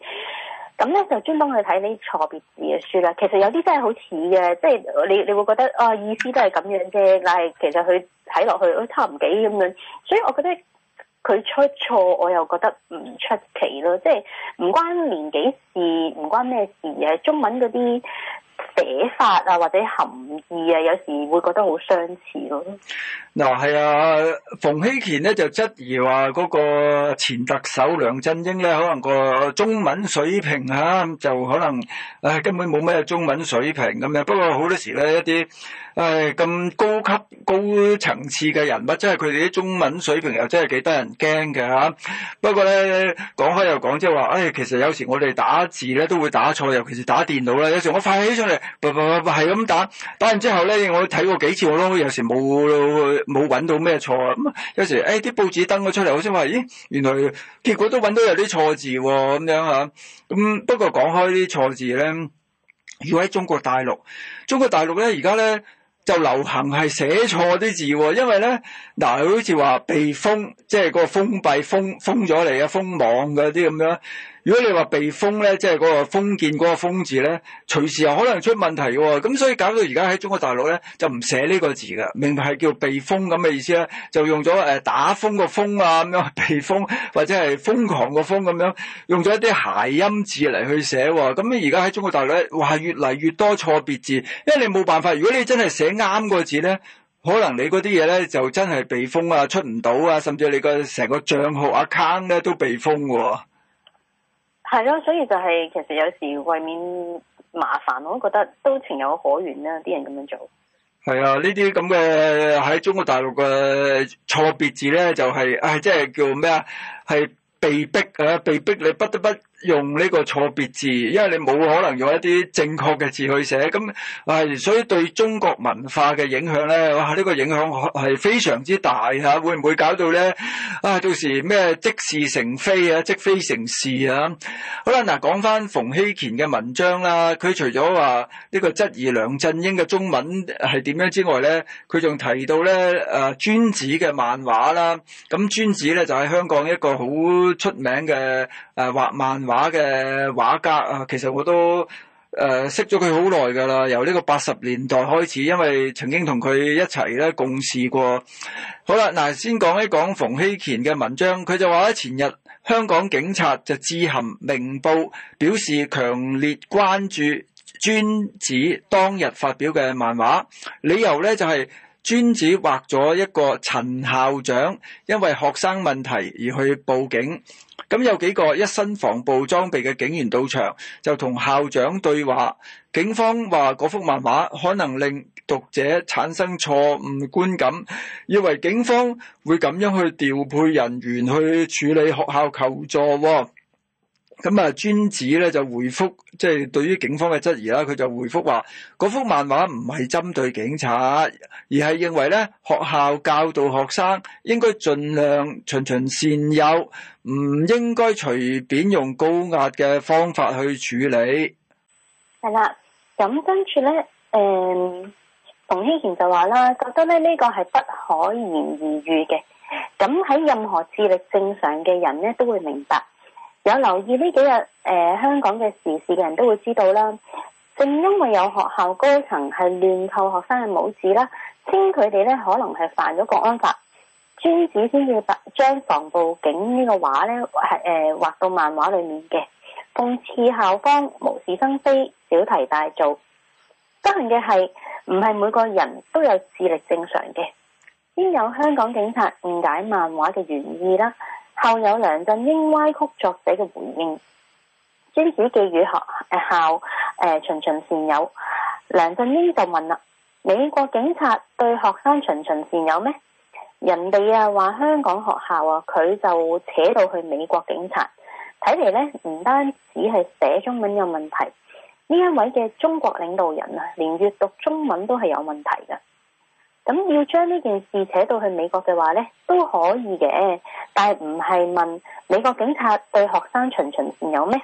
咁咧就專登去睇呢啲錯別字嘅書啦。其實有啲真係好似嘅，即係你你會覺得啊意思都係咁樣啫，但係其實佢睇落去，都差唔幾咁樣，所以我覺得佢出錯，我又覺得唔出奇咯，即係唔關年紀事，唔關咩事，嘅中文嗰啲。寫法啊，或者含義啊，有時會覺得好相似咯。嗱、啊，係啊，馮睎乾咧就質疑話，啊、嗰、那個前特首梁振英咧，可能個中文水平嚇、啊，就可能誒、哎、根本冇咩中文水平咁樣。不過好多時咧一啲。誒，咁高級高層次嘅人物，即係佢哋啲中文水平又真係幾得人驚嘅吓。不過咧，講開又講，即係話，誒，其實有時我哋打字咧都會打錯，尤其是打電腦啦。有時我發起上嚟，係咁打，打完之後咧，我睇過幾次我囉。有時冇冇揾到咩錯啊。咁有時誒，啲報紙登咗出嚟，我先話，咦，原來結果都揾到有啲錯字喎，咁樣吓。咁不過講開啲錯字咧，如果喺中國大陸，中國大陸咧而家咧。就流行係寫錯啲字喎，因為咧嗱，佢好似話被封，即係個封閉封封咗嚟嘅封網嗰啲咁樣。如果你話被封咧，即係嗰個封建嗰個封字咧，隨時有可能出問題嘅，咁所以搞到而家喺中國大陸咧就唔寫呢個字㗎。明明係叫被封咁嘅意思咧，就用咗誒打風個風啊咁樣，被封或者係瘋狂個瘋咁樣，用咗一啲諧音字嚟去寫，咁你而家喺中國大陸咧，話越嚟越多錯別字，因為你冇辦法，如果你真係寫啱個字咧，可能你嗰啲嘢咧就真係被封啊，出唔到啊，甚至你個成個賬號 account 咧都被封嘅。係咯，所以就係其實有時為免麻煩，我都覺得都情有可原啦、啊，啲人咁樣做。係啊，呢啲咁嘅喺中國大陸嘅錯別字咧、就是，就係、是、唉，即係叫咩啊？係被逼啊，被逼你不得不。用呢個錯別字，因為你冇可能用一啲正確嘅字去寫，咁係所以對中國文化嘅影響咧，哇！呢、這個影響係非常之大嚇、啊，會唔會搞到咧？啊，到時咩即是成非啊，即非成是啊？好啦，嗱，講翻馮睎乾嘅文章啦，佢除咗話呢個質疑梁振英嘅中文係點樣之外咧，佢仲提到咧誒尊子嘅漫畫啦，咁尊子咧就喺、是、香港一個好出名嘅誒畫漫畫。畫嘅畫家啊，其實我都誒、呃、識咗佢好耐噶啦，由呢個八十年代開始，因為曾經同佢一齊咧共事過。好啦，嗱先講一講馮睎乾嘅文章，佢就話咧前日香港警察就致函明報，表示強烈關注尊子當日發表嘅漫畫，理由咧就係、是、尊子畫咗一個陳校長，因為學生問題而去報警。咁有幾個一身防暴裝備嘅警員到場，就同校長對話。警方話嗰幅漫畫可能令讀者產生錯誤觀感，以為警方會咁樣去調配人員去處理學校求助，哦。咁啊，尊子咧，就回覆即係對於警方嘅質疑啦，佢就回覆話，嗰幅漫畫唔係針對警察，而係認為咧學校教導學生應該盡量循循善誘，唔應該隨便用高壓嘅方法去處理。係啦，咁跟住咧，誒、嗯，馮睎乾就話啦，覺得咧呢個係不可言而喻嘅，咁喺任何智力正常嘅人咧都會明白。有留意呢幾日，誒、呃、香港嘅時事嘅人都會知道啦。正因為有學校高層係亂扣學生嘅帽子啦，稱佢哋咧可能係犯咗國安法尊子，先至把將防暴警這個畫呢個畫咧係誒畫到漫畫裏面嘅，諷刺校方無事生非、小題大做。行的是不幸嘅係，唔係每個人都有智力正常嘅，先有香港警察誤解漫畫嘅原意啦。後有梁振英歪曲作者嘅回應，尊子寄語學校誒，循循善誘。梁振英就問啦：美國警察對學生循循善誘咩？人哋啊話香港學校啊，佢就扯到去美國警察。睇嚟呢，唔單止係寫中文有問題，呢一位嘅中國領導人啊，連閱讀中文都係有問題嘅。咁要將呢件事扯到去美國嘅話呢，都可以嘅，但係唔係問美國警察對學生循循有咩？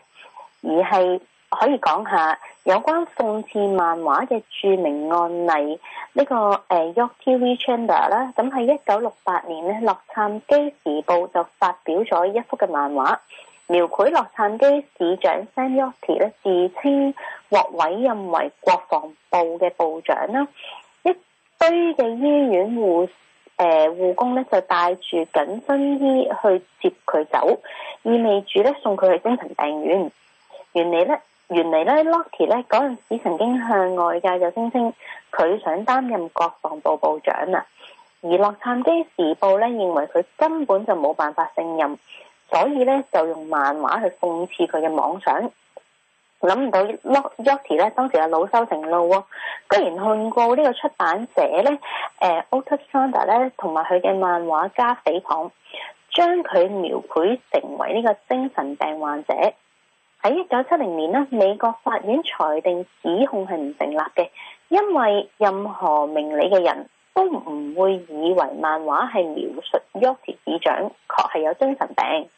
而係可以講下有關諷刺漫畫嘅著名案例呢、呢個 Yorty v. Chandler 啦。咁喺一九六八年呢，《洛杉磯時報》就發表咗一幅嘅漫畫，描繪洛杉磯市長 Sam Yorty 呢，自稱獲委任為國防部嘅部長啦。堆嘅醫院護誒護工咧就帶住緊身衣去接佢走，意味住咧送佢去精神病院。原嚟咧，原嚟咧，洛奇咧嗰陣時曾經向外界就聲稱佢想擔任國防部部長啊，而洛杉磯時報咧認為佢根本就冇辦法勝任，所以咧就用漫畫去諷刺佢嘅妄想。諗唔到 Yorty 咧，當時又老羞成怒喎，居然控告呢個出版社咧，誒 Otto Binder 咧，同埋佢嘅漫畫家匪胖，將佢描繪成為呢個精神病患者。喺一九七零年咧，美國法院裁定指控係唔成立嘅，因為任何明理嘅人都唔會以為漫畫係描述 Yorty 市長確係有精神病。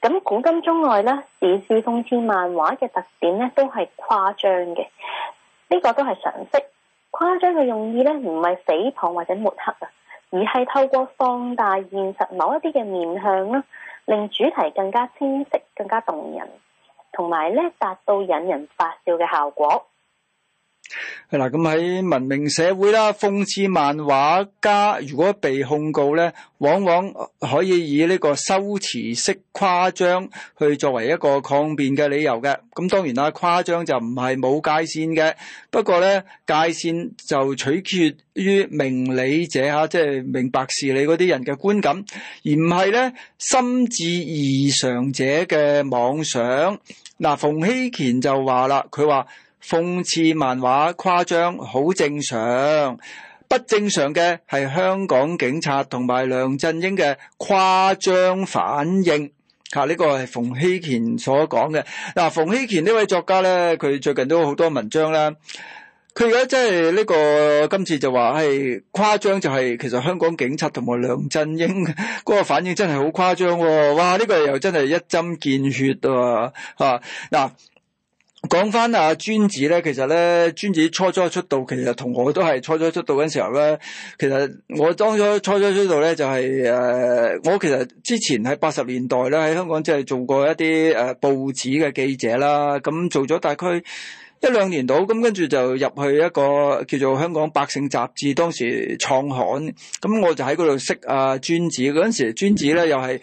咁古今中外咧，時事諷刺漫畫嘅特點咧，都係誇張嘅。呢、這個都係常識。誇張嘅用意咧，唔係誹謗或者抹黑啊，而係透過放大現實某一啲嘅面向啦，令主題更加清晰、更加動人，同埋咧達到引人發笑嘅效果。係啦，咁喺文明社會啦，諷刺漫畫家如果被控告咧，往往可以以呢個修辭式誇張去作為一個抗辯嘅理由嘅。咁當然啦，誇張就唔係冇界線嘅，不過咧，界線就取決於明理者吓，即係明白事理嗰啲人嘅觀感，而唔係咧，心智異常者嘅妄想。嗱，馮睎乾就話啦，佢話。諷刺漫畫誇張好正常，不正常嘅係香港警察同埋梁振英嘅誇張反應。吓、啊，呢、這個係馮睎乾所講嘅。嗱、啊，馮睎乾呢位作家咧，佢最近都好多文章啦。佢而家真係呢、這個今次就話係誇張，就係其實香港警察同埋梁振英嗰個反應真係好誇張。哇，呢、這個又真係一針見血啊！吓、啊，嗱、啊。講翻阿尊子咧，其實咧尊子初初出道，其實同我都係初初出道嗰陣時候咧。其實我當初初初出道咧，就係、是、誒、呃，我其實之前喺八十年代咧，喺香港即係做過一啲誒、呃、報紙嘅記者啦。咁做咗大概一兩年到，咁跟住就入去一個叫做《香港百姓》雜誌，當時創刊。咁我就喺嗰度識阿、啊、尊子嗰陣時，尊子呢，尊子咧又係。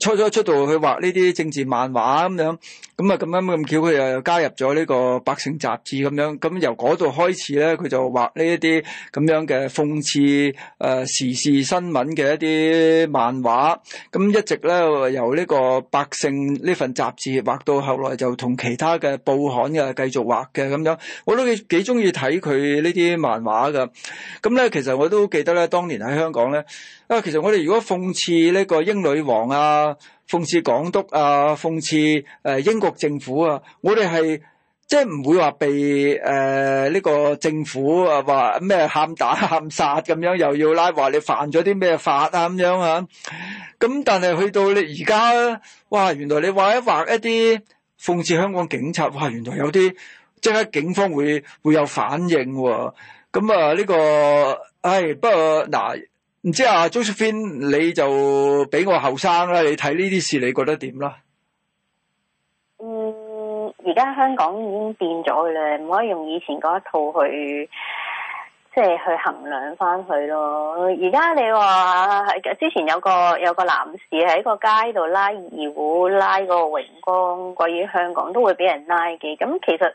初初出道去畫呢啲政治漫畫咁樣，樣，咁啊咁啱咁巧佢又加入咗呢個百姓雜誌咁樣，咁由嗰度開始咧，佢就畫呢一啲咁樣嘅諷刺誒、呃、時事新聞嘅一啲漫畫，咁一直咧由呢個百姓呢份雜誌畫到後來就同其他嘅報刊嘅繼續畫嘅咁樣，我都幾幾中意睇佢呢啲漫畫噶。咁咧，其實我都記得咧，當年喺香港咧啊，其實我哋如果諷刺呢個英女王啊。啊！諷刺港督啊！諷刺誒、啊、英國政府啊！我哋係即係唔會話被誒呢、呃呢個政府話、啊、咩喊打喊殺咁樣，又要拉話你犯咗啲咩法啊咁樣啊！咁、啊、但係去到你而家、啊，哇！原來你畫一畫一啲諷刺香港警察，哇！原來有啲即係警方會會有反應喎、啊！咁啊呢、呢個唉、哎，不過嗱。唔知啊 Josephine 你就俾我後生啦，你睇呢啲事你覺得點啦？嗯，而家香港已經變咗嘅啦，唔可以用以前嗰一套去即係去衡量翻佢咯。而家你話之前有個有個男士喺個街度拉二胡，拉個榮光，過去香港都會俾人拉嘅。咁其實。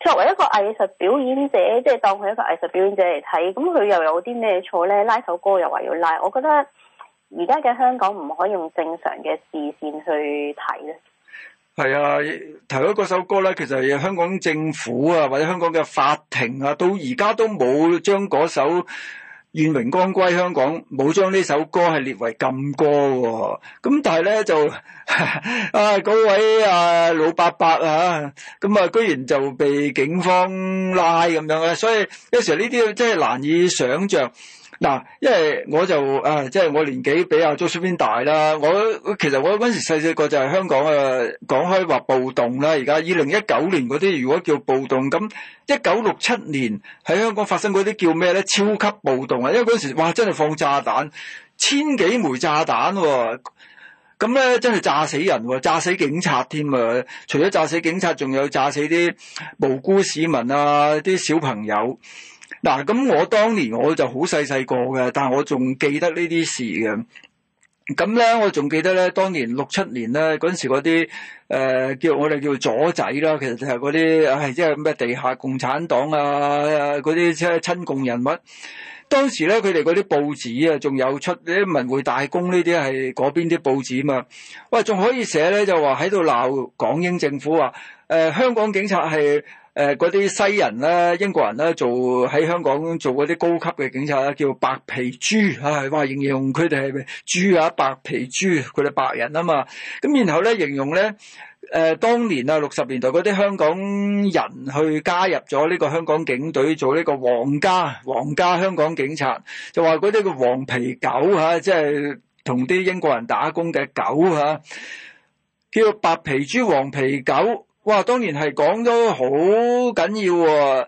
作為一個藝術表演者，即係當佢一個藝術表演者嚟睇，咁佢又有啲咩錯咧？拉首歌又話要拉，我覺得而家嘅香港唔可以用正常嘅視線去睇咧。係啊，頭嗰個首歌咧，其實香港政府啊，或者香港嘅法庭啊，到而家都冇將嗰首。願榮光歸香港，冇將呢首歌係列為禁歌咁，但係咧就 (laughs) 啊，嗰位啊老伯伯啊，咁啊，居然就被警方拉咁樣咧，所以有時呢啲真係難以想象。嗱，因為我就誒，即、啊、係、就是、我年紀比較周邊大啦。我其實我嗰陣時細細個就係香港誒、啊、講開話暴動啦。而家二零一九年嗰啲如果叫暴動，咁一九六七年喺香港發生嗰啲叫咩咧？超級暴動啊！因為嗰陣時哇，真係放炸彈，千幾枚炸彈喎。咁、啊、咧、啊、真係炸死人喎、啊，炸死警察添啊！除咗炸死警察，仲有炸死啲無辜市民啊，啲小朋友。嗱、啊，咁我當年我就好細細個嘅，但我仲記得呢啲事嘅。咁咧，我仲記得咧，當年六七年咧嗰陣時嗰啲，誒、呃，叫我哋叫做左仔啦，其實就係嗰啲係即係咩地下共產黨啊，嗰啲即係親共人物。當時咧，佢哋嗰啲報紙啊，仲有出啲《文匯大公》呢啲係嗰邊啲報紙嘛。喂，仲可以寫咧，就話喺度鬧港英政府話，誒、呃，香港警察係。誒、呃，嗰啲西人咧，英國人咧，做喺香港做嗰啲高級嘅警察咧，叫白皮豬吓、哎，哇，形容佢哋係豬啊，白皮豬，佢哋白人啊嘛。咁然後咧，形容咧，誒、呃，當年啊，六十年代嗰啲香港人去加入咗呢個香港警隊做呢個皇家皇家香港警察，就話嗰啲叫黃皮狗吓、啊，即係同啲英國人打工嘅狗吓、啊，叫白皮豬、黃皮狗。哇！當年係講咗好緊要喎、啊，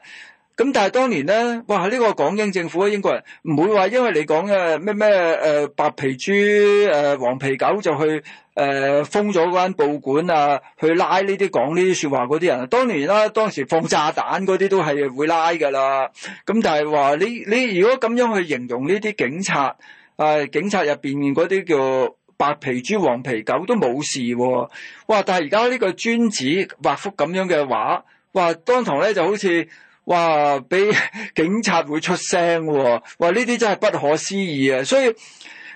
咁但係當年咧，哇！呢、這個港英政府嘅英國人唔會話，因為你講嘅咩咩誒白皮豬誒、呃、黃皮狗就去誒、呃、封咗間報館啊，去拉呢啲講呢啲說話嗰啲人。當年啦、啊，當時放炸彈嗰啲都係會拉噶啦。咁但係話你你如果咁樣去形容呢啲警察、啊、警察入邊嗰啲叫。白皮豬、黃皮狗都冇事喎，哇！但係而家呢個尊子畫幅咁樣嘅畫，話當堂咧就好似話俾警察會出聲喎，話呢啲真係不可思議啊！所以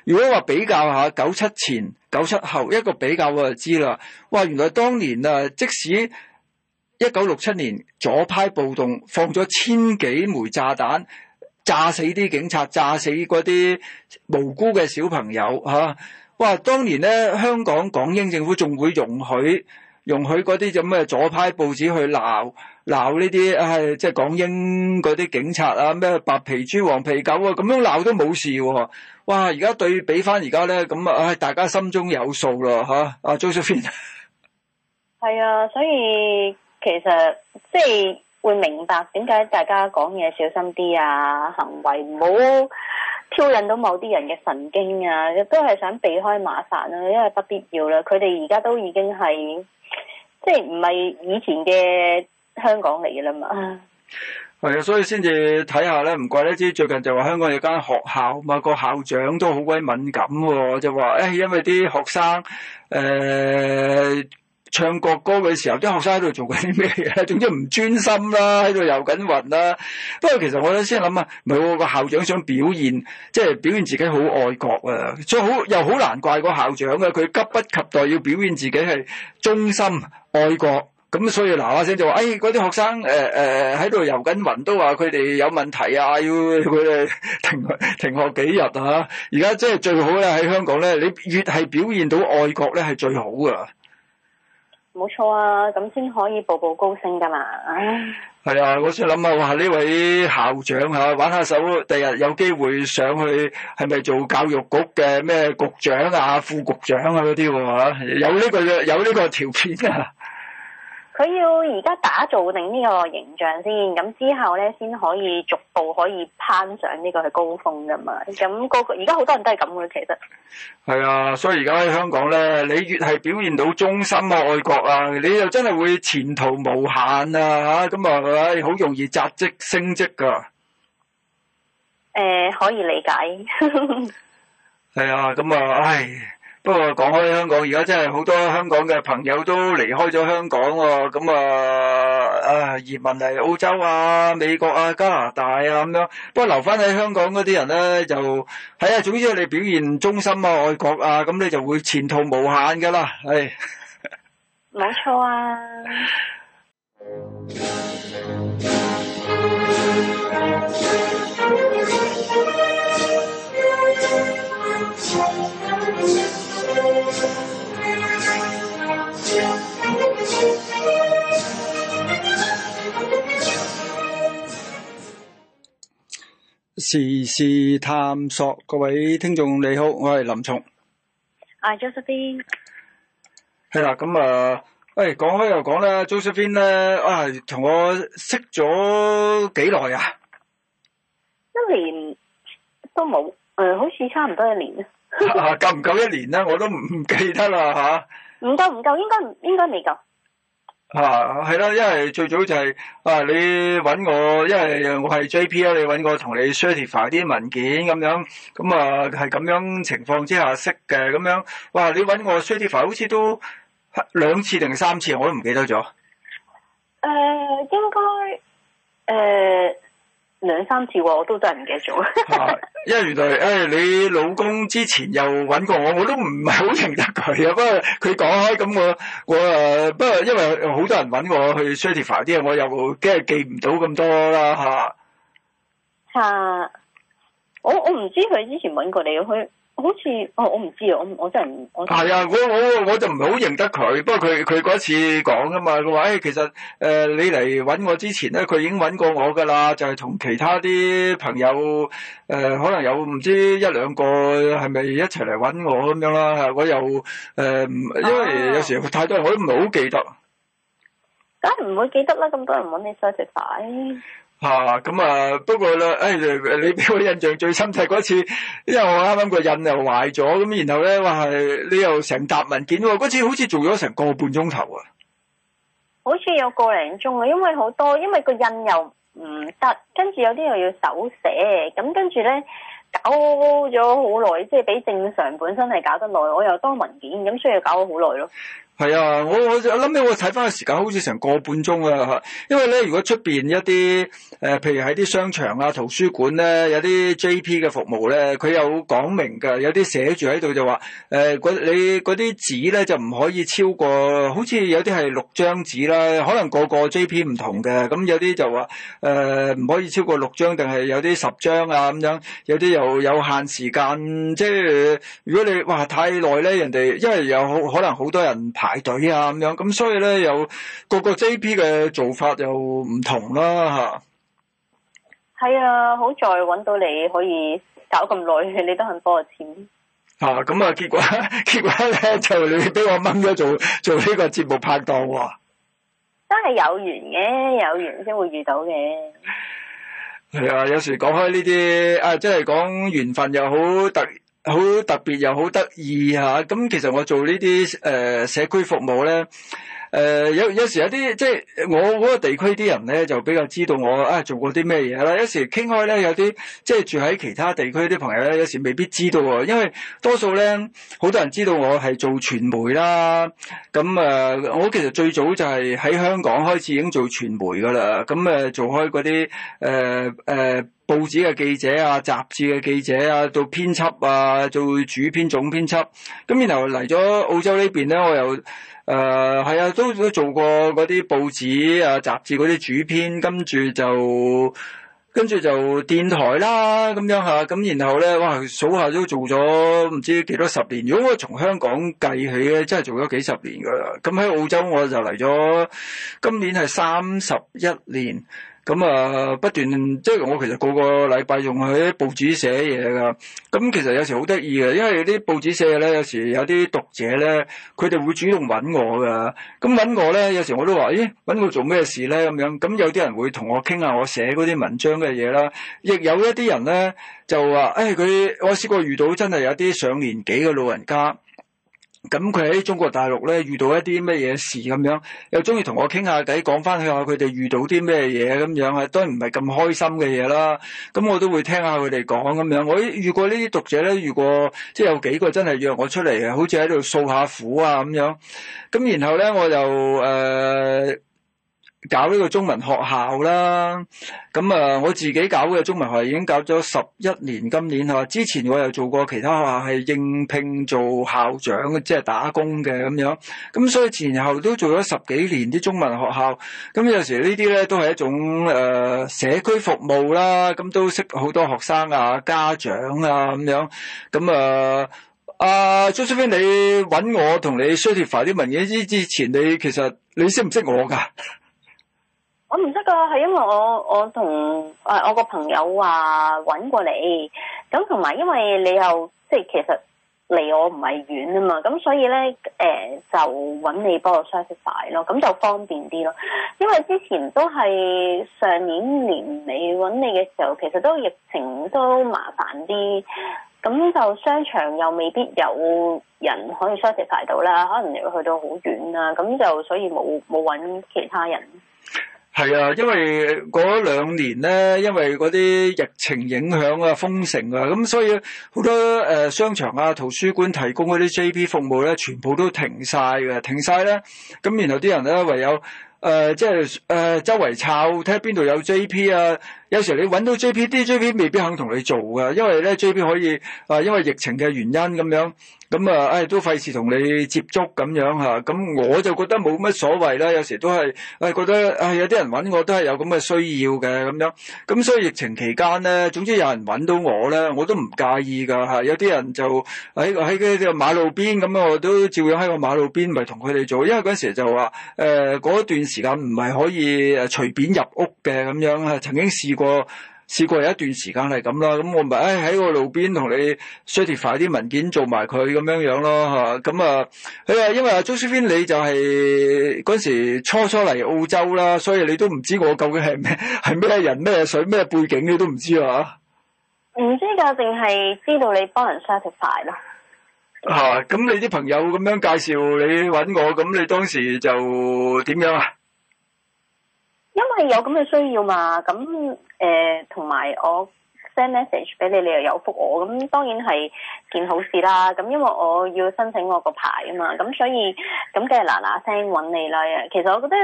如果話比較下九七前、九七後一個比較我就知啦，哇！原來當年啊，即使一九六七年左派暴動放咗千幾枚炸彈，炸死啲警察，炸死嗰啲無辜嘅小朋友，啊哇！當年咧，香港港英政府仲會容許容許嗰啲咁嘅左派報紙去鬧鬧呢啲，即係、哎即係、港英嗰啲警察啊，咩白皮豬、黃皮狗啊，咁樣鬧都冇事喎，啊！哇！而家對比翻而家咧，咁啊，大家心中有數咯，吓，啊。阿 Josephine，係啊，所以其實即係會明白點解大家講嘢小心啲啊，行為唔好。挑釁到某啲人嘅神經啊，都係想避開麻煩啦、啊，因為不必要啦。佢哋而家都已經係，即係唔係以前嘅香港嚟噶啦嘛。係啊，所以先至睇下咧，唔怪不得知最近就話香港有間學校嘛，個校長都好鬼敏感，就話誒、欸，因為啲學生誒。欸唱國歌嘅時候，啲學生喺度做緊啲咩嘢？總之唔專心啦、啊，喺度遊緊魂啦。不過其實我都先諗啊，唔係喎，個校長想表現，即係表現自己好愛國啊。所以好又好難怪個校長啊，佢急不及待要表現自己係忠心愛國。咁所以嗱話聲就話，哎，嗰啲學生誒喺度遊緊魂，都話佢哋有問題啊，要佢哋停停學幾日啊。而家即係最好咧，喺香港咧，你越係表現到愛國咧，係最好噶。冇錯啊，咁先可以步步高升噶嘛。係啊，我先諗下呢位校長吓、啊，玩下手，第日有機會上去，係咪做教育局嘅咩局長啊、副局長啊嗰啲？吓，有呢、呢個有呢個條件啊。佢要而家打造定呢個形象先，咁之後咧先可以逐步可以攀上呢個嘅高峰噶嘛。咁個而家好多人都係咁嘅，其實係啊。所以而家喺香港咧，你越係表現到忠心、啊、愛國啊，你又真係會前途無限啊！嚇，咁啊，係好、啊哎、容易扎職升職噶、啊。誒、呃，可以理解。係 (laughs) 啊，咁啊，唉、哎。不過講開香港，而家真係好多香港嘅朋友都離開咗香港喎，咁啊，啊移民嚟澳洲啊、美國啊、加拿大啊咁樣。不過留返喺香港嗰啲人咧，就係啊，總之你表現忠心啊、愛國啊，咁你就會前途無限㗎啦。係，冇錯啊。時事探索，各位聽眾你好，我係林松。Hi, Josephine. 嘿，咁啊，哎，講開又講啦, (laughs) 啊，係啦，因為最早就係、是、啊，你揾我，因為我係 J P 啦，你揾我同你 certify 啲文件咁樣，咁啊係咁樣情況之下識嘅，咁樣，哇，你揾我 certify 好似都兩次定三次，我都唔記得咗。誒、uh，應該誒。兩三次喎，我都真係唔記得咗。因為原來誒、 (laughs) 哎，你老公之前又搵過我，我都唔係好認得佢啊。不過佢講開咁，我我誒、呃，不過因為好多人搵我去 certify 啲嘢，我又驚係記唔到咁多啦吓。吓、啊啊，我我唔知佢之前搵過你去。好似哦，我唔知，我我真我真知啊，我我真係唔，係啊，我我我就唔係好認得佢，不過佢佢嗰次講㗎嘛，佢話誒，其實誒、呃、你嚟搵我之前咧，佢已經搵過我噶啦，就係、是、同其他啲朋友誒、呃，可能有唔知一兩個係咪一齊嚟搵我咁樣啦吓，我又誒、呃，因為有時候太多人，我都唔係好記得、啊，梗係唔會記得啦，咁多人搵你想食飯。係、啊、咁啊？不過啦，誒、哎，你俾我印象最深刻嗰次說是、啊，好像有一個，因為我啱啱個印又壞咗，咁然後咧話你又成沓文件喎，嗰次好似做咗成個半鐘頭啊，好似有個零鐘啊，因為好多，因為個印又唔得，跟住有啲又要手寫，咁跟住咧搞咗好耐，即係比正常本身係搞得耐，我又多文件，咁所以搞咗好耐咯。係啊，我我諗起我睇翻個時間，好似成個半鐘啊嚇。因為咧，如果出面一啲、呃、譬如喺啲商場啊、圖書館咧，有啲 JP 嘅服務咧，佢有講明㗎，有啲寫住喺度就話、呃、你嗰啲紙咧就唔可以超過，好似有啲係六張紙啦，可能個個 JP 唔同嘅，咁有啲就話呃、唔可以超過六張，定係有啲十張啊咁樣，有啲又有，有限時間，即係如果你哇太耐咧，人哋因為有好可能好多人排。排隊啊咁樣，咁所以咧，有各個 JP 嘅做法又唔同啦吓。係啊，好在揾到你可以搞咁耐，你都肯幫我簽。啊，咁啊，結果結果咧就你俾我掹咗做做呢個節目拍檔喎，啊。真係有緣嘅，有緣先會遇到嘅。係啊，有時講開呢啲啊，即係講緣分又好突。好特別又好得意吓，咁其實我做呢啲誒社區服務咧。誒、呃，有有時有啲即係我嗰個地區啲人咧，就比較知道我啊做過啲咩嘢啦。有時傾開咧，有啲即係住喺其他地區啲朋友咧，有時未必知道啊。因為多數咧，好多人知道我係做傳媒啦。咁啊、呃，我其實最早就係喺香港開始已經做傳媒噶啦。咁啊，做開嗰啲誒誒報紙嘅記者啊，雜誌嘅記者啊，做編輯啊，做主編、總編輯。咁然後嚟咗澳洲呢邊咧，我又。誒、uh, 係啊，都都做過嗰啲報紙啊、雜誌嗰啲主編，跟住就跟住就電台啦，咁樣嚇，咁然後咧，哇，數下都做咗唔知幾多十年。如果我從香港計起咧，真係做咗幾十年噶啦。咁喺澳洲，我就嚟咗今年係三十一年。咁啊，不斷即係我其實個個禮拜仲喺報紙寫嘢㗎。咁其實有時好得意嘅，因為啲報紙寫嘢咧，有時有啲讀者咧，佢哋會主動揾我㗎。咁揾我咧，有時我都話，咦，揾我做咩事咧？咁樣咁有啲人會同我傾下我寫嗰啲文章嘅嘢啦。亦有一啲人咧就話，誒、哎、佢，我試過遇到真係有啲上年紀嘅老人家。咁佢喺中國大陸咧遇到一啲咩嘢事咁樣，又中意同我傾下偈，講翻下佢哋遇到啲咩嘢咁樣啊，當然唔係咁開心嘅嘢啦。咁我都會聽下佢哋講咁樣。我如果呢啲讀者咧，如果即係有幾個真係約我出嚟好似喺度訴下苦啊咁樣。咁然後咧，我就。誒、呃。搞呢個中文學校啦，咁啊，我自己搞嘅中文學校已經搞咗十一年。今年嚇之前我又做過其他學校，係應聘做校長，即係打工嘅咁樣。咁所以前後都做咗十幾年啲中文學校。咁有時呢啲咧都係一種、呃、社區服務啦。咁都識好多學生啊、家長啊咁樣。咁、呃、啊，啊，Josephine 你揾我同你 certify 啲文件之之前，你其實你識唔識我㗎？唔識㗎，係因為我我同、哎、我個朋友話揾過你，咁同埋因為你又即係其實離我唔係遠啊嘛，咁所以咧、呃、就揾你幫我 certify 曬咯，咁就方便啲咯。因為之前都係上年年尾揾你嘅時候，其實都疫情都麻煩啲，咁就商場又未必有人可以 certify 到啦，可能你去到好遠啦、啊，咁就所以冇冇揾其他人。係啊，因為嗰兩年咧，因為嗰啲疫情影響啊，封城啊，咁所以好多誒、呃、商場啊、圖書館提供嗰啲 JP 服務咧，全部都停晒嘅，停晒咧。咁然後啲人咧唯有誒即係誒周圍抄睇下邊度有 JP 啊。有時你揾到 JP 啲 JP 未必肯同你做噶，因為咧 JP 可以啊，因為疫情嘅原因咁樣，咁啊，誒都費事同你接觸咁樣吓咁、啊、我就覺得冇乜所謂啦。有時都係誒、啊、覺得唉、啊、有啲人揾我都係有咁嘅需要嘅咁樣。咁、啊、所以疫情期間咧，總之有人揾到我咧，我都唔介意噶、啊、有啲人就喺喺個馬路邊咁，我都照樣喺個馬路邊咪同佢哋做，因為嗰陣時就話誒嗰段時間唔係可以誒隨便入屋嘅咁樣啊曾經試過。過試過有一段時間係咁啦，咁我咪喺個路邊同你 certify 啲文件做埋佢咁樣樣咯，吓咁啊，因為因為阿 Josephine 你就係嗰時初初嚟澳洲啦，所以你都唔知道我究竟係咩係咩人咩水咩背景，你都唔知啊，唔知噶，淨係知道你幫人 certify 咯，吓、啊、咁你啲朋友咁樣介紹你搵我，咁你當時就點樣啊？因為有咁嘅需要嘛，咁。誒、呃，同埋我 send message 俾你，你又有覆我，咁當然係件好事啦。咁因為我要申請我個牌啊嘛，咁所以咁梗係嗱嗱聲揾你啦。其實我覺得。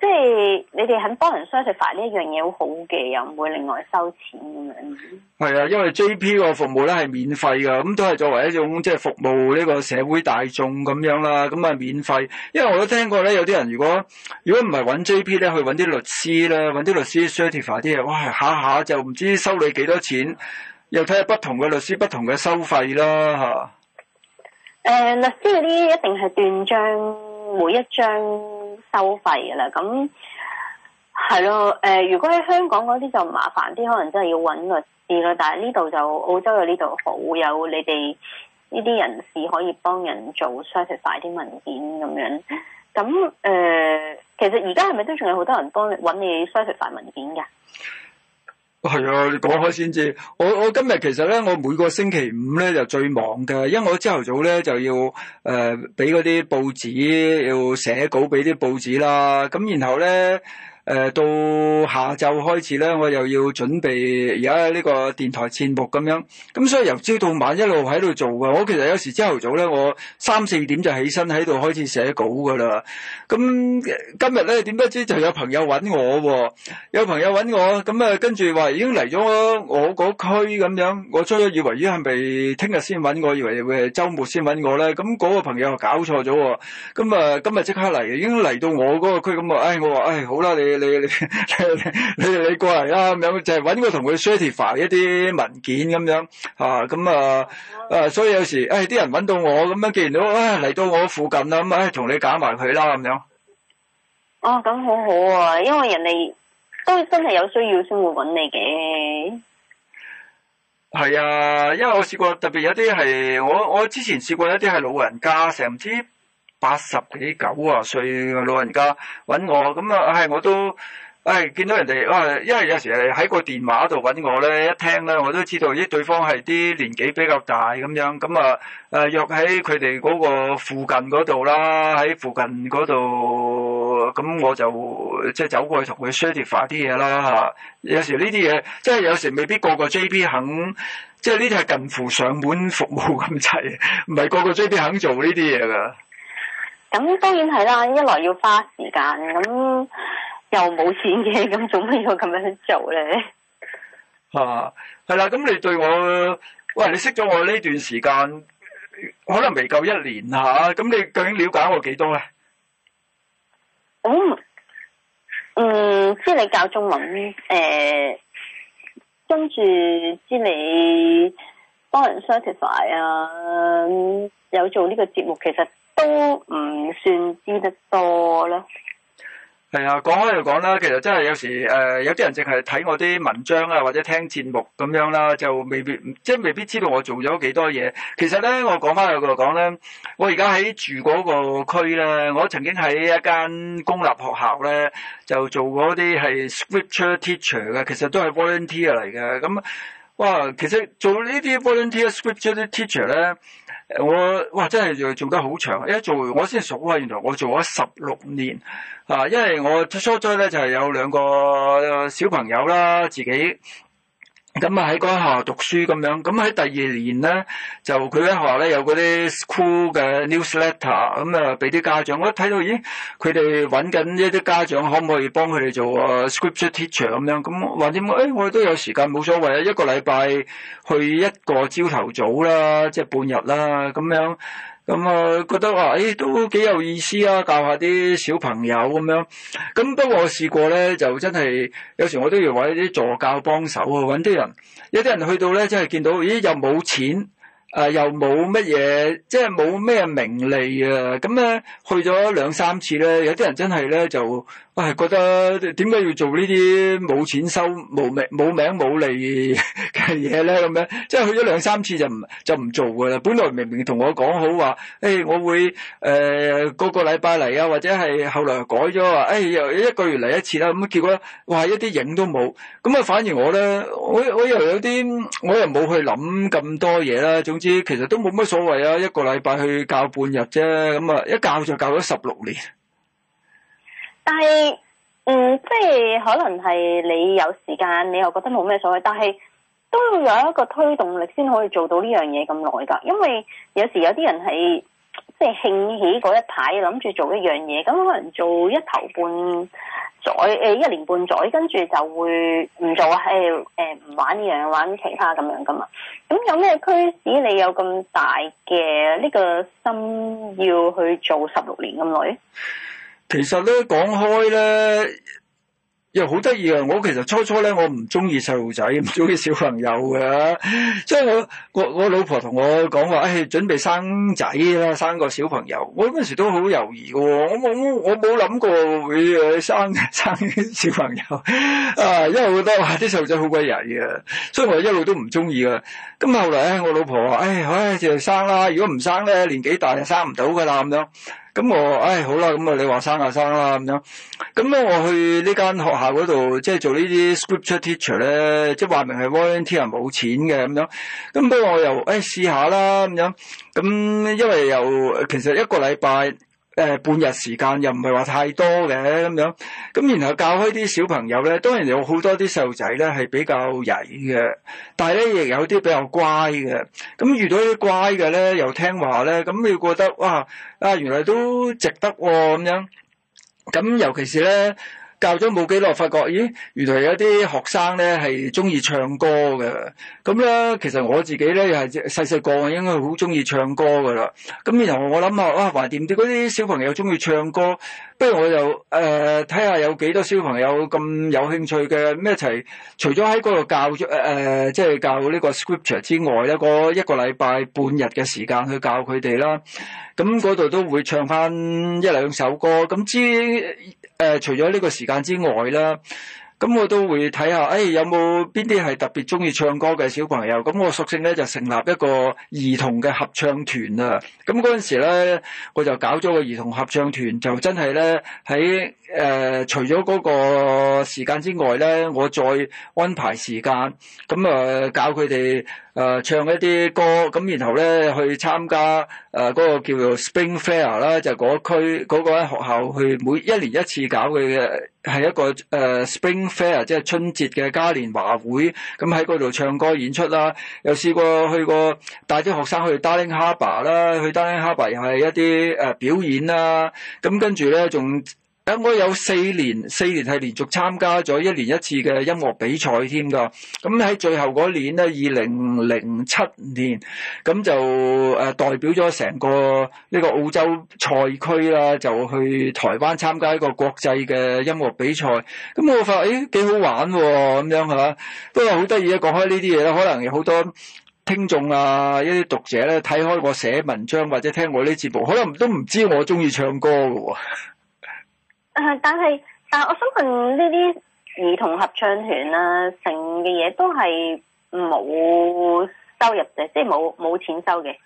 即係你哋肯幫人 certify 呢一樣嘢，好好嘅，又唔會另外收錢咁樣。係啊，因為 JP 個服務咧係免費噶，咁都係作為一種即係服務呢個社會大眾咁樣啦，咁啊免費。因為我都聽過咧，有啲人如果如果唔係搵 JP 咧去搵啲律師啦，搵啲律師 certify 啲嘢，哇下下就唔知收你幾多錢，又睇下不同嘅律師不同嘅收費啦吓。誒、uh，律師呢啲一定係斷章，每一張。收費嘅啦，咁係咯，誒、呃，如果喺香港嗰啲就麻煩啲，可能真係要揾律師咯。但係呢度就澳洲嘅呢度好，有你哋呢啲人士可以幫人做 certify 啲文件咁樣。咁誒、呃，其實而家係咪都仲有好多人幫你揾你 certify 文件噶？係啊，你講開先知。我我今日其實咧，我每個星期五咧就最忙嘅，因為我朝頭早咧就要誒俾嗰啲報紙要寫稿俾啲報紙啦。咁然後咧。誒、呃、到下晝開始咧，我又要準備而家呢個電台節目咁樣，咁、嗯、所以由朝到晚一路喺度做嘅。我其實有時朝頭早咧，我三四點就起身喺度開始寫稿㗎啦。咁、嗯、今日咧點不知就有朋友揾我喎、哦，有朋友揾我咁啊、嗯，跟住話已經嚟咗我我嗰區咁樣，我初初以為已經係咪聽日先揾我，以為會係週末先揾我咧。咁、嗯、嗰、那個朋友搞錯咗喎，咁啊今日即刻嚟，已經嚟到我嗰個區咁話，唉、嗯哎、我話唉、哎、好啦你。你你你你過嚟、就是、啊！咁樣就係搵我同佢 certify 一啲文件咁樣啊！咁啊啊！所以有時唉，啲、哎、人搵到我咁樣，既然都唉嚟到我附近啦，咁唉同你揀埋佢啦咁樣。哦，咁好好啊！因為人哋都真係有需要先會搵你嘅。係啊，因為我試過特別有啲係我我之前試過有啲係老人家成日唔知。八十幾九啊歲嘅老人家揾我咁啊，唉，我、哎、都，誒見到人哋因為有時係喺個電話度揾我咧，一聽咧，我都知道咦，對方係啲年紀比較大咁樣，咁啊誒約喺佢哋嗰個附近嗰度啦，喺附近嗰度，咁我就即係、就是、走過去同佢 share 啲嘢啦吓。有時呢啲嘢，即係有時未必個個 JP 肯，即係呢啲係近乎上門服務咁滯，唔係個個 JP 肯做呢啲嘢噶。咁當然係啦，一來要花時間，咁又冇錢嘅，咁做咩要咁樣去做咧？係、啊、係啦，咁你對我，喂，你識咗我呢段時間，可能未夠一年吓，咁、啊、你究竟了解我幾多咧？咁、嗯，嗯，知你教中文，誒、欸，跟住知你幫人 certify 啊，有做呢個節目，其實。都唔算知得多咯。係啊，講開又講啦，其實真係有時誒，有啲人淨係睇我啲文章啊，或者聽節目咁樣啦，就未必即係未必知道我做咗幾多嘢。其實咧，我講翻度講咧，我而家喺住嗰個區咧，我曾經喺一間公立學校咧，就做嗰啲係 scripture teacher 嘅，其實都係 volunteer 嚟嘅。咁、嗯、哇，其實做呢啲 volunteer scripture 啲 teacher 咧。誒，我哇真係做做得好長，一做我先數啊，原來我做咗十六年啊，因為我初初咧就係有兩個小朋友啦，自己。咁啊喺嗰下讀書咁樣，咁喺第二年咧就佢一話咧有嗰啲 school 嘅 newsletter，咁啊俾啲家長，我一睇到，咦，佢哋揾緊一啲家長可唔可以幫佢哋做 scripture teacher 咁樣，咁或者誒我哋都有時間冇所謂啊，一個禮拜去一個朝頭早啦，即係半日啦咁樣。咁啊，覺得話、哎，都幾有意思啊，教下啲小朋友咁樣。咁不過我試過咧，就真係有時我都要揾啲助教幫手啊，搵啲人。有啲人去到咧，真係見到，咦，又冇錢，啊、又冇乜嘢，即係冇咩名利啊。咁咧去咗兩三次咧，有啲人真係咧就。我係覺得點解要做呢啲冇錢收、冇名、冇名冇利嘅嘢咧？咁樣即係去咗兩三次就唔就唔做㗎啦。本來明明同我講好話，誒我會誒個個禮拜嚟啊，或者係後來改咗話，誒又一個月嚟一次啦。咁結果話一啲影都冇，咁啊反而我咧，我我又有啲我又冇去諗咁多嘢啦。總之其實都冇乜所謂啊，一個禮拜去教半日啫，咁啊一教就教咗十六年。但係，嗯，即係可能係你有時間，你又覺得冇咩所謂。但係都要有一個推動力先可以做到呢樣嘢咁耐噶。因為有時有啲人係即係興起嗰一排諗住做一樣嘢，咁可能做一頭半載誒一年半載，跟住就會唔做，誒誒唔玩呢樣，玩其他咁樣噶嘛。咁有咩驅使你有咁大嘅呢個心要去做十六年咁耐？其實咧，講開咧，又好得意啊！我其實初初咧，我唔中意細路仔，唔中意小朋友嘅。即係我我我老婆同我講話：，唉、哎、準備生仔啦，生個小朋友。我嗰陣時都好猶豫喎，我冇我我冇諗過會生生小朋友啊！因為我覺得話啲細路仔好鬼曳啊人，所以我一路都唔中意啊。咁後來咧，我老婆話：，唉、哎、唉、哎哎，就係生啦！如果唔生咧，年紀大就生唔到噶啦，咁樣。咁我，唉，好啦，咁啊，你話生啊生啦，咁樣。咁咧，我去呢間學校嗰度，即係做呢啲 scripture teacher 咧，即係話明係 volunteer，冇錢嘅咁樣。咁不過我又，唉，試下啦，咁樣。咁因為又，其實一個禮拜。誒、呃、半日時間又唔係話太多嘅咁樣，咁然後教開啲小朋友咧，當然有好多啲細路仔咧係比較曳嘅，但係咧亦有啲比較乖嘅。咁遇到啲乖嘅咧，又聽話咧，咁你覺得哇啊，原來都值得喎、哦、咁樣。咁尤其是咧。教咗冇幾耐，發覺咦，原來有啲學生咧係中意唱歌嘅。咁咧，其實我自己咧又係細細個應該好中意唱歌噶啦。咁然後我諗下啊，哇，橫掂啲嗰啲小朋友中意唱歌，不如我就誒睇下有幾多小朋友咁有興趣嘅，咩一齊除咗喺嗰度教誒即係教呢個 scripture 之外呢，一個一個禮拜半日嘅時間去教佢哋啦。咁嗰度都會唱翻一兩首歌。咁至。誒、呃，除咗呢個時間之外啦，咁我都會睇下，誒、哎，有冇邊啲係特別中意唱歌嘅小朋友？咁我索性咧就成立一個兒童嘅合唱團啦。咁嗰陣時咧，我就搞咗個兒童合唱團，就真係咧喺。誒、呃、除咗嗰個時間之外咧，我再安排時間，咁啊、呃、教佢哋、呃、唱一啲歌，咁然後咧去參加誒嗰、呃、那個叫做 Spring Fair 啦，就嗰、是、區嗰、那個學校去每一年一次搞嘅，係一個、呃、Spring Fair，即係春節嘅嘉年華會，咁喺嗰度唱歌演出啦，又試過去過帶啲學生去 Darling Harbour 啦，去 Darling Harbour 又係一啲表演啦，咁跟住咧仲。咁我有四年，四年係連續參加咗一年一次嘅音樂比賽添噶。咁喺最後嗰年咧，二零零七年，咁就誒代表咗成個呢個澳洲賽區啦，就去台灣參加一個國際嘅音樂比賽。咁我發覺，誒、哎，幾好玩喎，咁樣吓，不過好得意啊。講開呢啲嘢咧，可能有好多聽眾啊，一啲讀者咧睇開我寫文章或者聽我呢節目，可能都唔知我中意唱歌噶。但係，但係，我相信呢啲兒童合唱團啦、啊，成嘅嘢都係冇收入嘅，即係冇冇錢收嘅。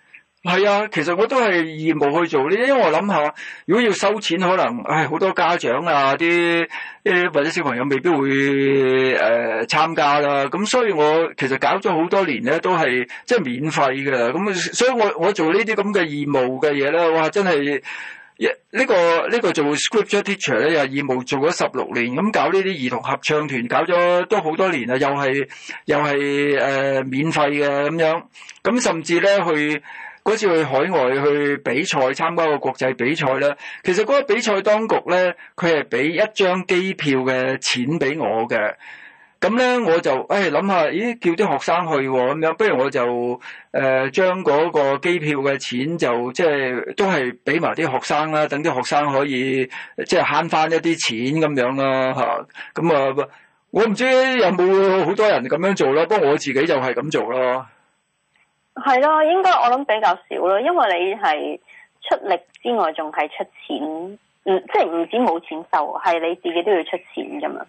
係啊，其實我都係義務去做呢啲。因為我諗下，如果要收錢，可能唉好、哎、多家長啊啲誒或者小朋友未必會誒、呃、參加啦。咁所以我其實搞咗好多年咧，都係即係免費㗎喇。咁所以我我做呢啲咁嘅義務嘅嘢咧，哇！真係～呢、這個呢、這個做 scripture teacher 咧又義務做咗十六年，咁搞呢啲兒童合唱團搞咗都好多年啦，又係又係誒、呃、免費嘅咁樣，咁甚至咧去嗰次去海外去比賽參加一個國際比賽啦。其實嗰個比賽當局咧，佢係俾一張機票嘅錢俾我嘅。咁咧，我就誒諗、哎、下，咦，叫啲學生去喎、啊，咁樣不如我就誒將嗰個機票嘅錢就即係都係俾埋啲學生啦、啊，等啲學生可以即係慳翻一啲錢咁樣啦，嚇、啊。咁啊，我唔知有冇好多人咁樣做咯、啊，不過我自己就係咁做咯。係囉，應該我諗比較少咯，因為你係出力之外，仲係出錢，唔即係唔止冇錢收，係你自己都要出錢咁樣。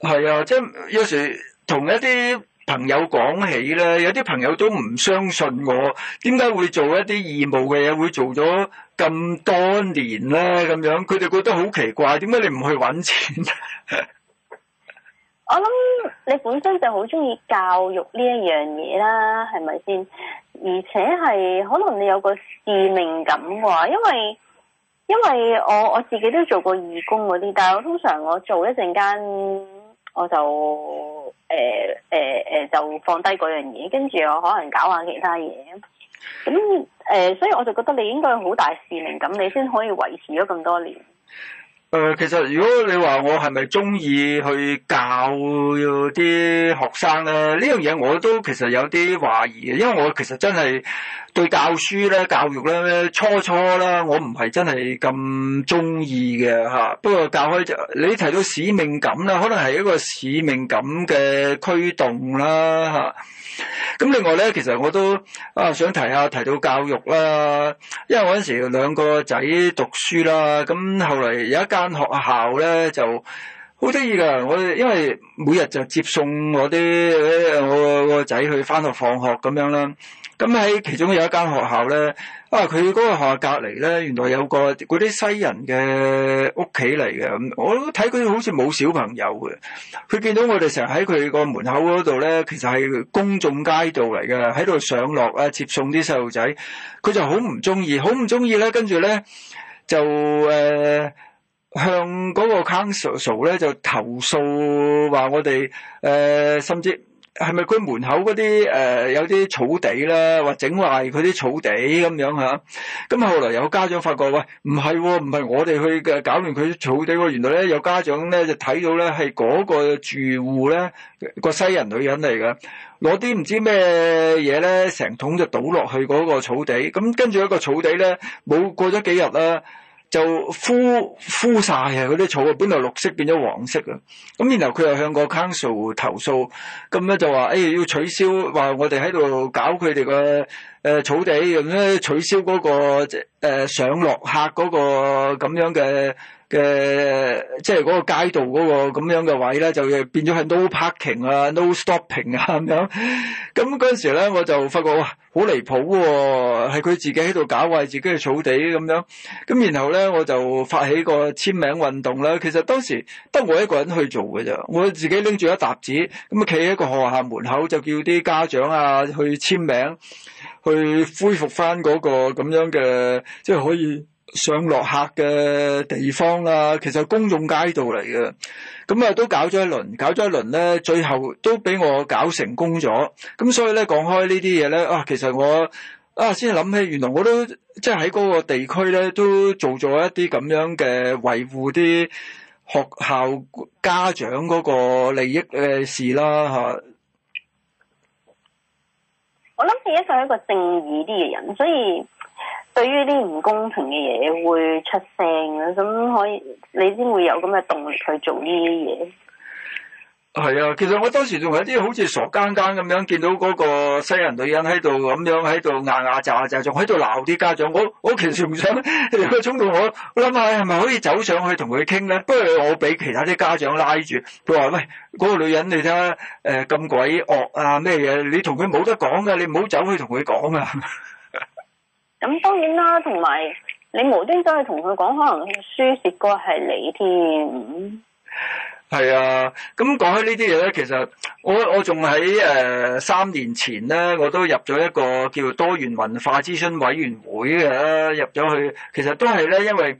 係啊，即係有時同一啲朋友講起咧，有啲朋友都唔相信我，點解會做一啲義務嘅嘢，會做咗咁多年咧？咁樣佢哋覺得好奇怪，點解你唔去搵錢？我諗你本身就好中意教育呢一樣嘢啦，係咪先？而且係可能你有個使命感啩，因為因為我我自己都做過義工嗰啲，但係我通常我做一陣間。我就誒誒、呃呃呃、就放低嗰樣嘢，跟住我可能搞下其他嘢。咁、呃、所以我就覺得你應該好大使命咁，你先可以維持咗咁多年、呃。其實如果你話我係咪中意去教啲學生咧，呢樣嘢我都其實有啲懷疑，因為我其實真係。對教書咧、教育咧、初初啦，我唔係真係咁中意嘅吓。不過教開就你提到使命感啦，可能係一個使命感嘅驅動啦吓。咁另外咧，其實我都啊想提下提到教育啦，因為嗰陣時兩個仔讀書啦，咁後嚟有一間學校咧就好得意噶。我因為每日就接送我啲我個仔去翻學、放學咁樣啦。咁喺其中有一間學校咧，啊佢嗰個學校隔籬咧，原來有個嗰啲西人嘅屋企嚟嘅，咁我睇佢好似冇小朋友嘅。佢見到我哋成日喺佢個門口嗰度咧，其實係公眾街道嚟嘅，喺度上落啊，接送啲細路仔，佢就好唔中意，好唔中意咧，跟住咧就、呃、向嗰個 council 咧就投訴，話我哋誒甚至。係咪佢門口嗰啲誒有啲草地啦，或整壞佢啲草地咁樣吓？咁、啊、後來有家長發覺，喂唔係，唔係、哦、我哋去嘅搞亂佢啲草地、哦。原來咧有家長咧就睇到咧係嗰個住戶咧、嗰個西人女人嚟嘅，攞啲唔知咩嘢咧成桶就倒落去嗰個草地。咁跟住一個草地咧冇過咗幾日啦。就枯枯晒啊！嗰啲草啊，邊度綠色變咗黃色啊！咁然後佢又向個 council 投訴，咁咧就話，誒、哎、要取消，話我哋喺度搞佢哋個誒草地，咁咧取消嗰、那個誒、呃、上落客嗰個咁樣嘅。嘅即係嗰個街道嗰個咁樣嘅位咧，就變咗係 no parking 啊，no stopping 啊咁樣。咁嗰陣時咧，我就發覺哇，好離譜喎、哦，係佢自己喺度搞壞自己嘅草地咁樣。咁然後咧，我就發起個簽名運動啦。其實當時得我一個人去做嘅啫，我自己拎住一沓紙咁啊，企喺個學校門口就叫啲家長啊去簽名，去恢復翻嗰個咁樣嘅，即係可以。上落客嘅地方啦，其實係公眾街道嚟嘅。咁啊都搞咗一輪，搞咗一輪咧，最後都俾我搞成功咗。咁所以咧，講開呢啲嘢咧，啊，其實我啊先至諗起，原來我都即係喺嗰個地區咧，都做咗一啲咁樣嘅維護啲學校家長嗰個利益嘅事啦，吓、啊。我諗你一向係一個正義啲嘅人，所以對於啲唔公平嘅嘢會出聲啦，咁可以你先會有咁嘅動力去做呢啲嘢。係啊，其實我當時仲有啲好似傻更更咁樣，見到嗰個西人女人喺度咁樣喺度嗌啊喳啊喳，仲喺度鬧啲家長。我我其實唔想有個衝動， (laughs) 我諗下係咪可以走上去同佢傾咧？不過我俾其他啲家長拉住，佢話：喂，嗰、嗰個女人你睇下，誒咁鬼惡啊咩嘢？你同佢冇得講㗎、啊，你唔好走去同佢講啊！ (laughs) 咁當然啦，同埋你無端都係同佢講，可能佢輸蝕過係你添。係啊，咁講起呢啲嘢咧，其實我我仲喺誒三年前咧，我都入咗一個叫多元文化諮詢委員會嘅，入咗去，其實都係咧，因為。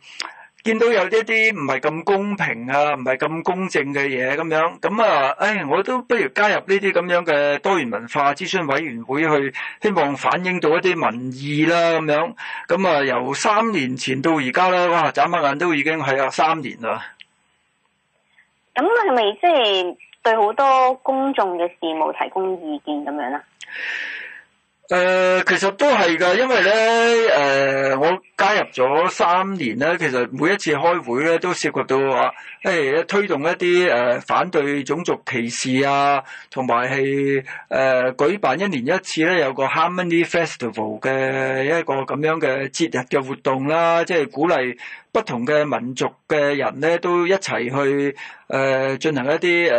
見到有一啲唔係咁公平啊，唔係咁公正嘅嘢咁樣，咁啊，唉，我都不如加入呢啲咁樣嘅多元文化諮詢委員會去，希望反映到一啲民意啦、啊、咁樣。咁啊，由三年前到而家咧，哇！眨下眼都已經係啊三年啦。咁係咪即係對好多公眾嘅事務提供意見咁樣啦？誒、呃，其實都係噶，因為咧誒、呃，我加入咗三年咧，其實每一次開會咧都涉及到話。即、hey，推動一啲、呃、反對種族歧視啊，同埋係誒舉辦一年一次咧有個 Harmony Festival 嘅一個咁樣嘅節日嘅活動啦。即、就、係、是、鼓勵不同嘅民族嘅人咧都一齊去、呃、進行一啲、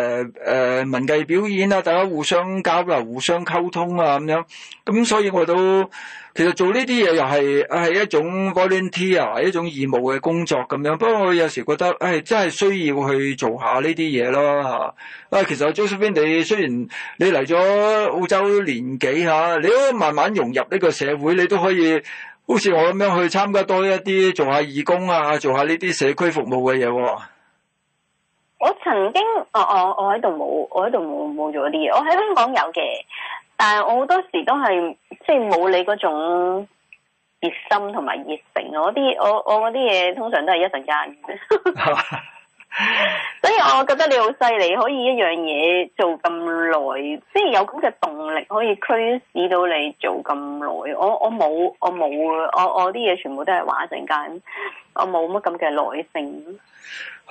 呃呃、文藝表演啦、啊，大家互相交流、互相溝通啊樣，咁樣咁，所以我都。其實做呢啲嘢又係係一種 volunteer 一種義務嘅工作咁樣，不過我有時覺得，誒、哎，真係需要去做下呢啲嘢咯吓。啊，其實 Josephine，你雖然你嚟咗澳洲年幾吓，你都慢慢融入呢個社會，你都可以好似我咁樣去參加多一啲做下義工啊，做下呢啲社區服務嘅嘢、啊。我曾經，我我我喺度冇，我喺度冇冇做啲嘢，我喺香港有嘅。但係我好多時都係即係冇你嗰種熱心同埋熱誠，我啲我我嗰啲嘢通常都係一陣間， (laughs) (laughs) (laughs) 所以我覺得你好犀利，可以一樣嘢做咁耐，即係有咁嘅動力可以驅使到你做咁耐。我我冇我冇我我啲嘢全部都係話一陣間，我冇乜咁嘅耐性。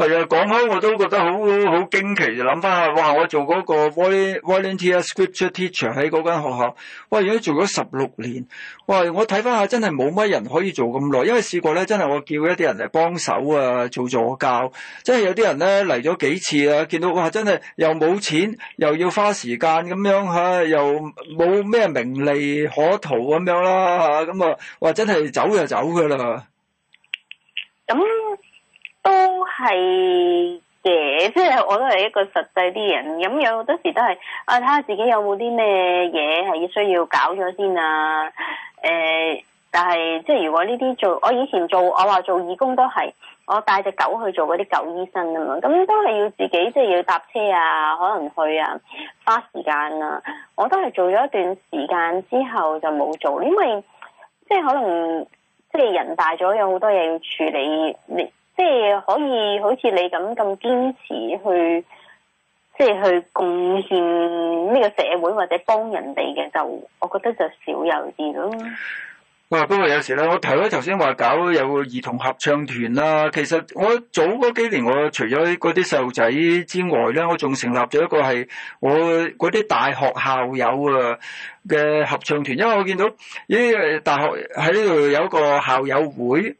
係啊，講開我都覺得好好驚奇，就諗翻下，哇！我做嗰個 volunteer scripture teacher 喺嗰間學校，喂，如果做咗十六年，哇！我睇翻下真係冇乜人可以做咁耐，因為試過咧，真係我叫一啲人嚟幫手啊，做助教，真係有啲人咧嚟咗幾次啊，見到哇，真係又冇錢，又要花時間咁樣嚇，又冇咩名利可圖咁樣啦嚇，咁啊，哇！真係走就走㗎啦。咁、嗯。都係嘅，即係我都係一個實際啲人，咁有好多時都係啊，睇下自己有冇啲咩嘢係需要搞咗先啊。誒，但係即係如果呢啲做，我以前做，我話做義工都係，我帶隻狗去做嗰啲狗醫生啊嘛，咁都係要自己即係要搭車啊，可能去啊，花時間啊。我都係做咗一段時間之後就冇做，因為即係可能即係人大咗，有好多嘢要處理你。即係可以好似你咁咁堅持去，即係去貢獻呢個社會或者幫人哋嘅，就我覺得就少有啲咯。啊，不過有時咧，我頭先頭先話搞有兒童合唱團啦，其實我早嗰幾年，我除咗嗰啲細路仔之外咧，我仲成立咗一個係我嗰啲大學校友啊嘅合唱團，因為我見到咦大學喺呢度有一個校友會。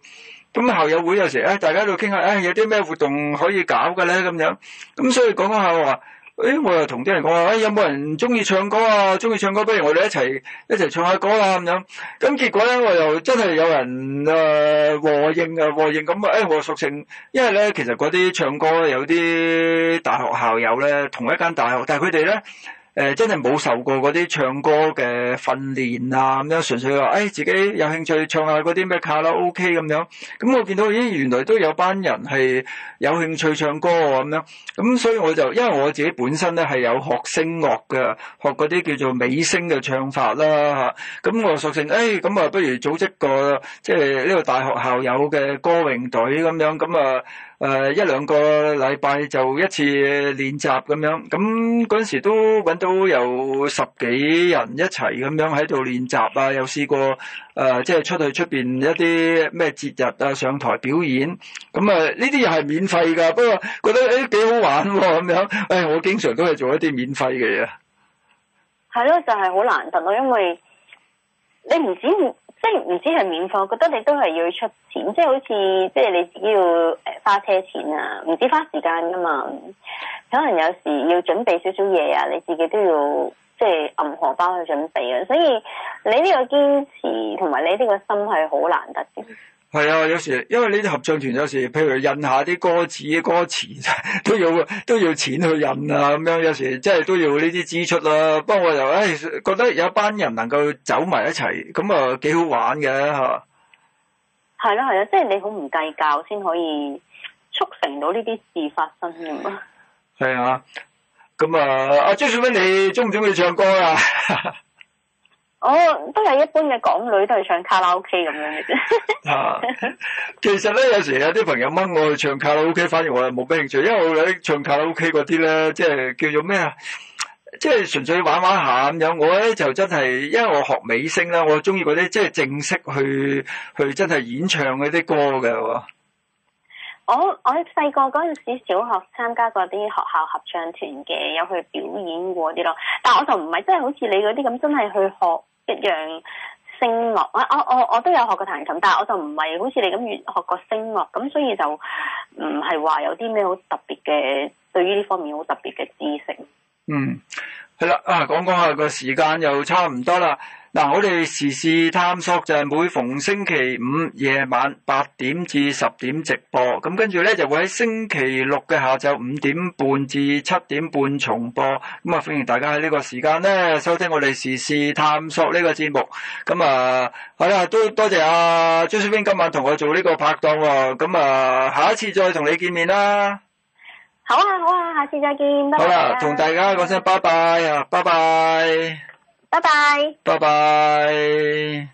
咁校友會有時咧、哎，大家都傾下，哎、有啲咩活動可以搞嘅咧咁樣。咁所以講講下話，誒、哎、我又同啲人講話、哎，有冇人中意唱歌啊？中意唱歌，不如我哋一齊一齊唱一下歌啊咁樣。咁結果咧，我又真係有人、呃、和應啊和應，咁，誒我熟性，因為咧其實嗰啲唱歌有啲大學校友咧同一間大學，但係佢哋咧。誒、呃、真係冇受過嗰啲唱歌嘅訓練啊，咁樣純粹話、哎、自己有興趣唱下嗰啲咩卡拉 OK 咁樣，咁我見到，咦原來都有班人係有興趣唱歌喎。咁樣，咁所以我就因為我自己本身咧係有學聲樂嘅，學嗰啲叫做美聲嘅唱法啦嚇，咁我索性誒、咁啊不如組織個即係呢個大學校友嘅歌詠隊咁樣，咁啊。誒，一兩個禮拜就一次練習咁樣，咁嗰陣時都搵到有十幾人一齊咁樣喺度練習啊，有試過誒，即係出去出邊一啲咩節日啊上台表演，咁啊呢啲又係免費噶，不過覺得誒幾好玩喎，咁樣誒我經常都係做一啲免費嘅嘢，係咯，就係、是、好難得咯，因為你唔知。即係唔知係免費，我覺得你都係要出錢，即係好似即係你自己要誒花車錢啊，唔止花時間噶嘛，可能有時要準備少少嘢啊，你自己都要即係揼荷包去準備啊，所以你呢個堅持同埋你呢個心係好難得嘅。係啊，有時因為呢啲合唱團有時，譬如印下啲歌詞，歌詞都有都要錢去印啊，咁樣有時即係都要呢啲支出啦。不過又誒，覺得有一班人能夠走埋一齊，咁啊幾好玩嘅吓。係咯係啊，即係你好唔計較先可以促成到呢啲事發生咁啊。係啊，咁啊，阿 j 小 s 你中唔中意唱歌啊？ (laughs) 哦、oh，都係一般嘅港女都係唱卡拉 OK 咁樣嘅啫。啊， (laughs) 其實咧有時候有啲朋友掹我去唱卡拉 OK，反而我係冇咩興趣，因為我咧唱卡拉 OK 嗰啲咧，即係叫做咩啊？即係純粹玩玩下咁樣。有我咧就真係，因為我學美聲啦，我中意嗰啲即係正式去去真係演唱嗰啲歌嘅。我我細個嗰陣時小學參加過啲學校合唱團嘅，有去表演過啲咯。但係我就唔係真係好似你嗰啲咁，真係去學。一樣聲樂，我我我我都有學過彈琴，但係我就唔係好似你咁越學過聲樂，咁所以就唔係話有啲咩好特別嘅，對於呢方面好特別嘅知識。嗯，係啦，啊講講下個時間，又差唔多啦。嗱、啊，我哋時事探索就係、是、每逢星期五夜晚八點至十點直播，咁跟住咧就會喺星期六嘅下晝五點半至七點半重播，咁啊歡迎大家喺呢個時間咧收聽我哋時事探索呢個節目，咁啊好啦，都多謝阿張小冰今晚同我做呢個拍檔喎、哦，咁啊下一次再同你見面啦，好啊好啊，下次再見，好啦，同大家講聲拜拜啊，啊說說拜拜。拜拜拜拜。拜拜。